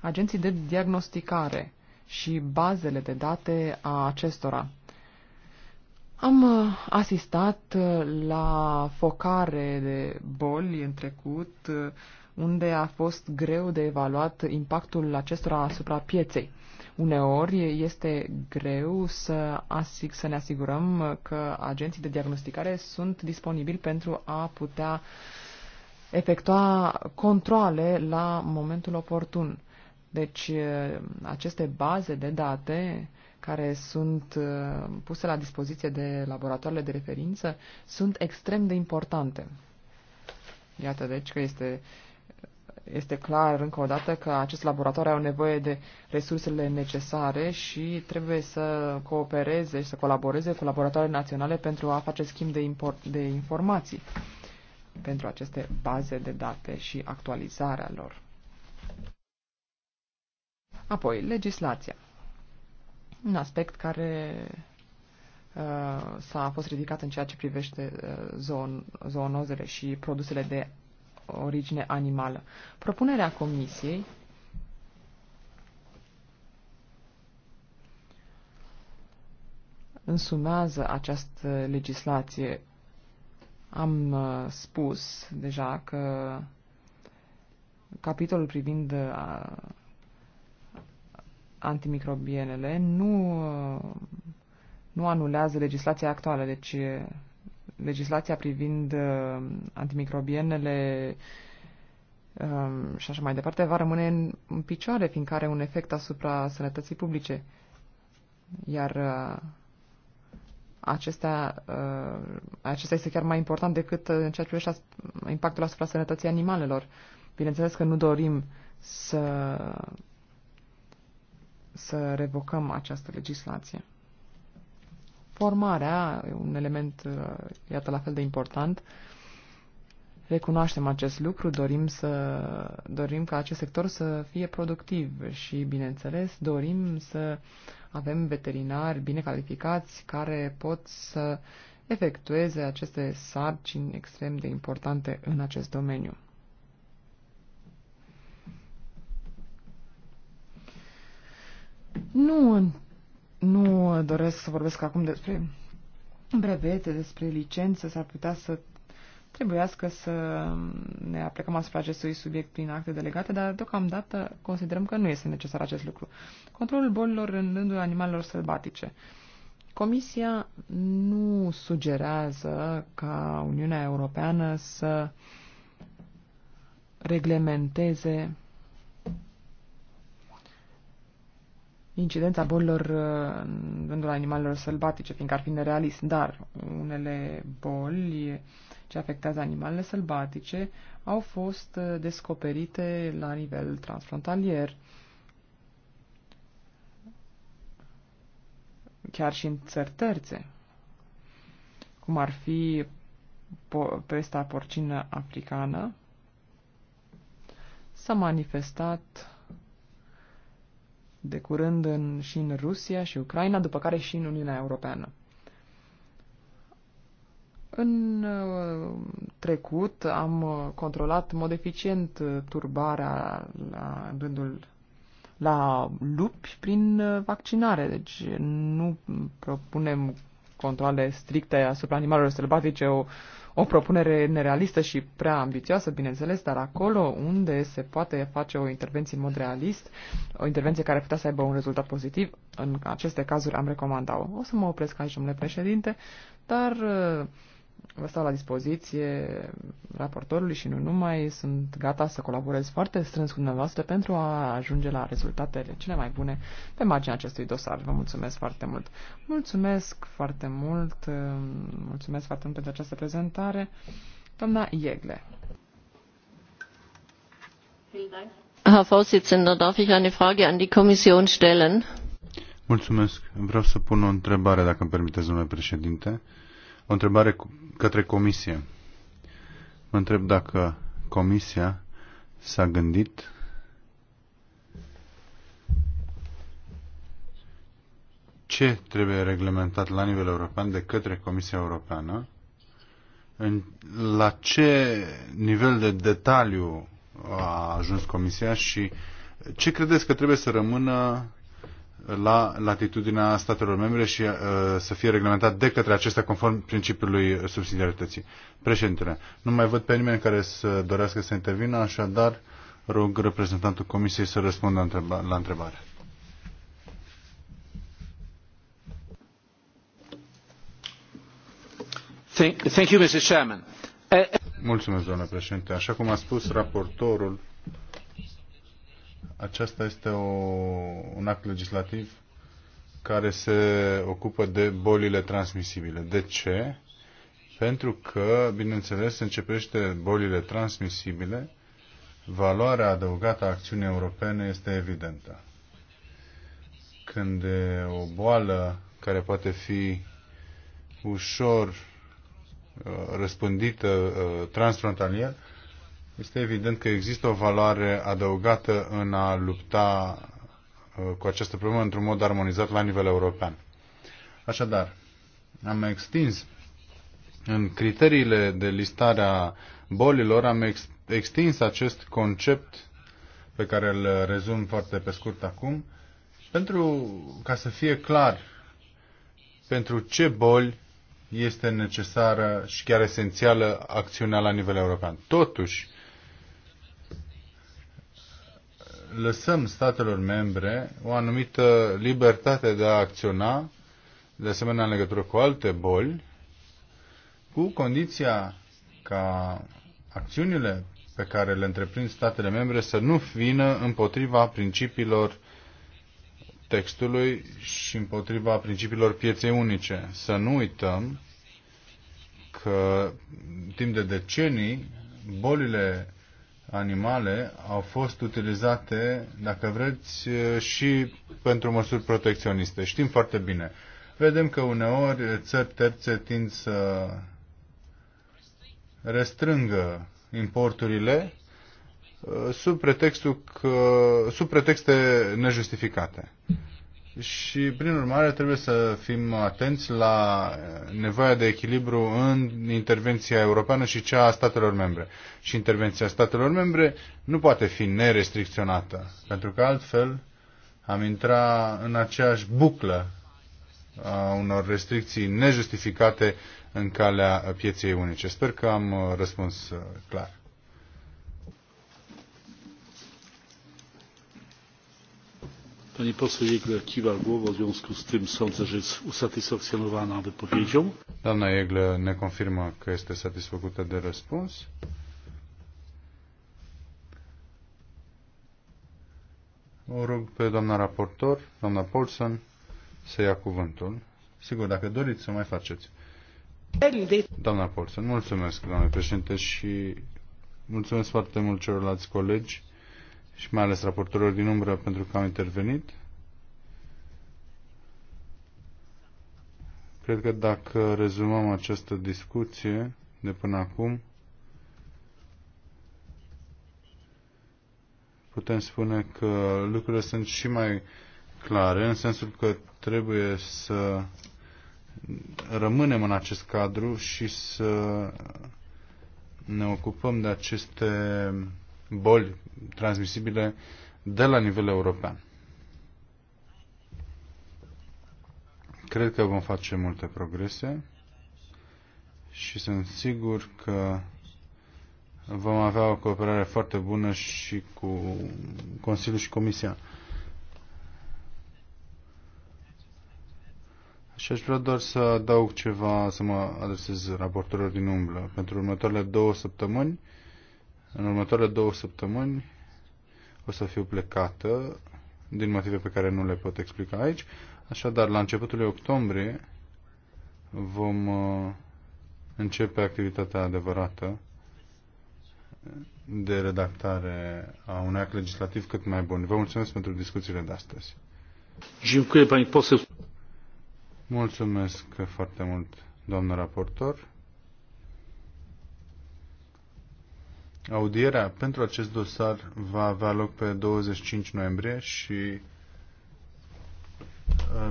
Speaker 4: agenții de diagnosticare și bazele de date a acestora. Am uh, asistat uh, la focare de boli în trecut, uh, unde a fost greu de evaluat impactul acestora asupra pieței. Uneori este greu să, asig- să ne asigurăm că agenții de diagnosticare sunt disponibili pentru a putea efectua controle la momentul oportun. Deci eh, aceste baze de date care sunt eh, puse la dispoziție de laboratoarele de referință sunt extrem de importante. Iată deci că este uh, este clar încă o dată că acest laborator are nevoie de resursele necesare și trebuie să coopereze și să colaboreze cu laboratoarele naționale pentru a face schimb de, import, de informații pentru aceste baze de date și actualizarea lor. Apoi, legislația. Un aspect care uh, s-a fost ridicat în ceea ce privește uh, zoonozele și produsele de origine animală. Propunerea Comisiei însumează această legislație. Am uh, spus deja că capitolul privind uh, antimicrobienele nu, uh, nu anulează legislația actuală, deci legislația privind uh, antimicrobienele um, și așa mai departe va rămâne în picioare, fiindcă are un efect asupra sănătății publice. Iar uh, acestea, uh, acesta este chiar mai important decât în ceea ce privește impactul asupra sănătății animalelor. Bineînțeles că nu dorim să, să revocăm această legislație formarea, un element, uh, iată, la fel de important. Recunoaștem acest lucru, dorim, să, dorim ca acest sector să fie productiv și, bineînțeles, dorim să avem veterinari bine calificați care pot să efectueze aceste sarcini extrem de importante în acest domeniu. Nu în nu doresc să vorbesc acum despre brevete, despre licențe, s-ar putea să trebuiască să ne aplicăm asupra acestui subiect prin acte delegate, dar deocamdată considerăm că nu este necesar acest lucru. Controlul bolilor în rândul animalelor sălbatice. Comisia nu sugerează ca Uniunea Europeană să reglementeze incidența bolilor uh, în rândul animalelor sălbatice, fiindcă ar fi nerealist, dar unele boli ce afectează animalele sălbatice au fost uh, descoperite la nivel transfrontalier. Chiar și în țări terțe, cum ar fi pesta porcină africană, s-a manifestat de curând în, și în Rusia și Ucraina, după care și în Uniunea Europeană. În uh, trecut am uh, controlat în mod eficient uh, turbarea la rândul la lupi prin vaccinare, deci nu propunem controle stricte asupra animalelor sălbatice, o, o propunere nerealistă și prea ambițioasă, bineînțeles, dar acolo unde se poate face o intervenție în mod realist, o intervenție care putea să aibă un rezultat pozitiv, în aceste cazuri am recomandat-o. O să mă opresc aici, domnule președinte, dar uh, vă stau la dispoziție raportorului și nu numai. Sunt gata să colaborez foarte strâns cu dumneavoastră pentru a ajunge la rezultatele cele mai bune pe marginea acestui dosar. Vă mulțumesc foarte mult. Mulțumesc foarte mult. Uh, mulțumesc foarte mult pentru această prezentare. Doamna Iegle.
Speaker 2: Herr Vorsitzender, darf ich eine Frage an die Kommission stellen?
Speaker 3: Mulțumesc. Vreau să pun o întrebare, dacă îmi permiteți, domnule președinte. Uh, o întrebare către Comisie. Mă întreb dacă Comisia s-a gândit ce trebuie reglementat la nivel european de către Comisia Europeană, în, la ce nivel de detaliu a ajuns Comisia și ce credeți că trebuie să rămână la latitudinea statelor membre și uh, să fie reglementat de către acestea conform principiului subsidiarității. Președintele, nu mai văd pe nimeni care să dorească să intervină, așadar rog reprezentantul Comisiei să răspundă întreba la întrebare. Thank, thank you, Mr. Chairman. Uh, Mulțumesc, doamnă președinte. Așa cum a spus raportorul, aceasta este o, un act legislativ care se ocupă de bolile transmisibile. De ce? Pentru că, bineînțeles, începește bolile transmisibile, valoarea adăugată a acțiunii europene este evidentă. Când e o boală care poate fi ușor uh, răspândită uh, transfrontalier, este evident că există o valoare adăugată în a lupta uh, cu această problemă într-un mod armonizat la nivel european. Așadar, am extins în criteriile de listare a bolilor, am ex extins acest concept pe care îl rezum foarte pe scurt acum, pentru ca să fie clar pentru ce boli este necesară și chiar esențială acțiunea la nivel european. Totuși, lăsăm statelor membre o anumită libertate de a acționa, de asemenea în legătură cu alte boli, cu condiția ca acțiunile pe care le întreprind statele membre să nu vină împotriva principiilor textului și împotriva principiilor pieței unice. Să nu uităm că timp de decenii bolile animale au fost utilizate, dacă vreți, și pentru măsuri protecționiste. Știm foarte bine. Vedem că uneori țări terțe tind să restrângă importurile sub, pretextul că, sub pretexte nejustificate și, prin urmare, trebuie să fim atenți la nevoia de echilibru în intervenția europeană și cea a statelor membre. Și intervenția statelor membre nu poate fi nerestricționată, pentru că altfel am intra în aceeași buclă a unor restricții nejustificate în calea pieței unice. Sper că am răspuns uh, clar.
Speaker 1: Pani poseł jeggle
Speaker 3: kiwa głową, w związku z tym sądzę, że jest usatysfakcjonowana wypowiedzią. Doamna jeggle ne confirmă că este satisfăcută de răspuns. O rog pe doamna raportor, doamna Paulsen, să ia cuvântul. Sigur, dacă doriți să mai faceți. Doamna Paulsen, mulțumesc, doamne președinte, și mulțumesc foarte mult celorlalți colegi și mai ales raportorilor din umbră pentru că au intervenit. Cred că dacă rezumăm această discuție de până acum, putem spune că lucrurile sunt și mai clare, în sensul că trebuie să rămânem în acest cadru și să ne ocupăm de aceste boli transmisibile de la nivel european. Cred că vom face multe progrese și sunt sigur că vom avea o cooperare foarte bună și cu Consiliul și Comisia. Și aș vrea doar să adaug ceva, să mă adresez raportorilor din umblă. Pentru următoarele două săptămâni în următoarele două săptămâni o să fiu plecată din motive pe care nu le pot explica aici. Așadar, la începutul lui octombrie vom uh, începe activitatea adevărată de redactare a unui act legislativ cât mai bun. Vă mulțumesc pentru discuțiile de astăzi. Mulțumesc foarte mult, doamnă raportor. Audierea pentru acest dosar va avea loc pe 25 noiembrie și uh,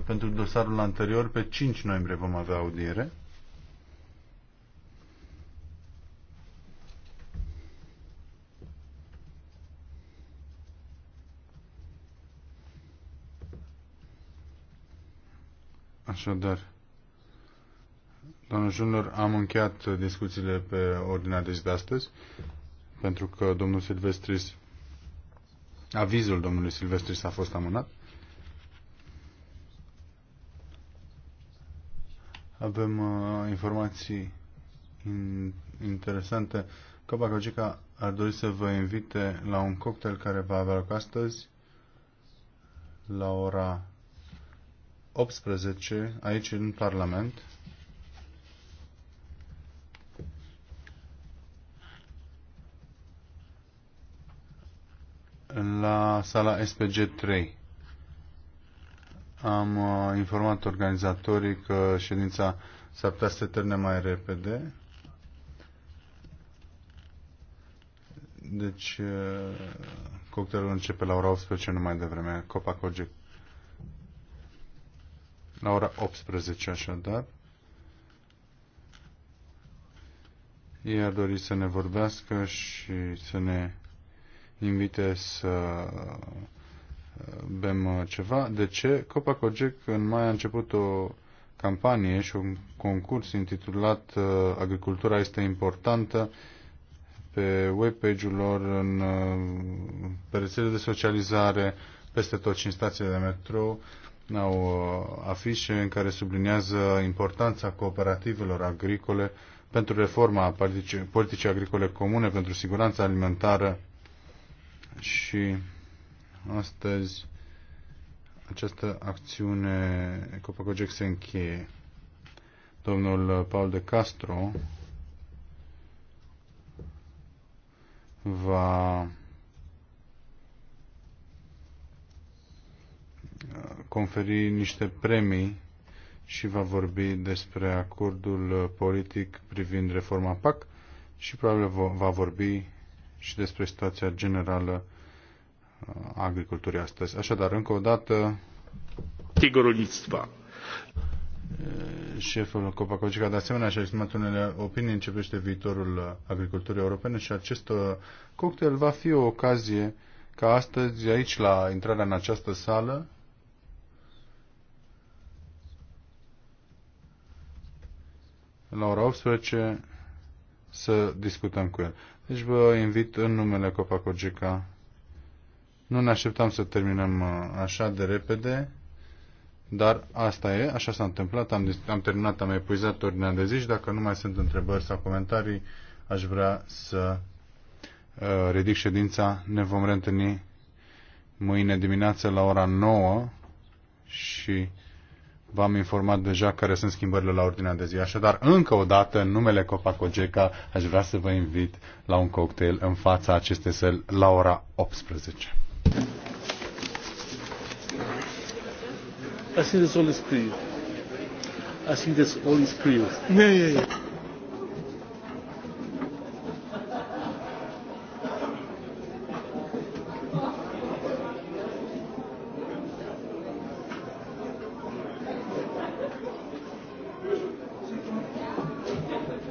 Speaker 3: pentru dosarul anterior pe 5 noiembrie vom avea audiere. Așadar, doamnă Junior, am încheiat discuțiile pe ordinea de zi de astăzi pentru că domnul Silvestris, avizul domnului Silvestris a fost amânat. Avem uh, informații in, interesante. Copacogica ar dori să vă invite la un cocktail care va avea loc astăzi la ora 18 aici în Parlament la sala SPG 3. Am uh, informat organizatorii că ședința s-ar putea să se termine mai repede. Deci, uh, cocktailul începe la ora 18, nu mai devreme, Coge. La ora 18, așadar. Ei ar dori să ne vorbească și să ne invite să uh, bem uh, ceva. De ce? Cogec în mai a început o campanie și un concurs intitulat uh, Agricultura este importantă pe webpage-ul lor, în, pe rețele de socializare, peste tot și în stațiile de metrou au afișe în care subliniază importanța cooperativelor agricole pentru reforma politicii agricole comune, pentru siguranța alimentară și astăzi această acțiune Copacogec se încheie. Domnul Paul de Castro va conferi niște premii și va vorbi despre acordul politic privind reforma PAC și probabil va vorbi și despre situația generală a agriculturii astăzi. Așadar, încă o dată... Tigorulitstva. Șeful Copacogica de asemenea și-a exprimat unele opinii privește viitorul agriculturii europene și acest cocktail va fi o ocazie ca astăzi, aici, la intrarea în această sală, la ora 18 să discutăm cu el. Deci vă invit în numele Copacogica. Nu ne așteptam să terminăm uh, așa de repede, dar asta e, așa s-a întâmplat, am, am terminat, am epuizat ordinea de zi și dacă nu mai sunt întrebări sau comentarii, aș vrea să uh, ridic ședința. Ne vom reîntâlni mâine dimineață la ora 9 și V-am informat deja care sunt schimbările la ordinea de zi. Așadar, încă o dată, în numele Copacogeca, aș vrea să vă invit la un cocktail în fața acestei săli la ora 18.
Speaker 1: I think that's all is clear. I think that's Yeah, yeah, yeah.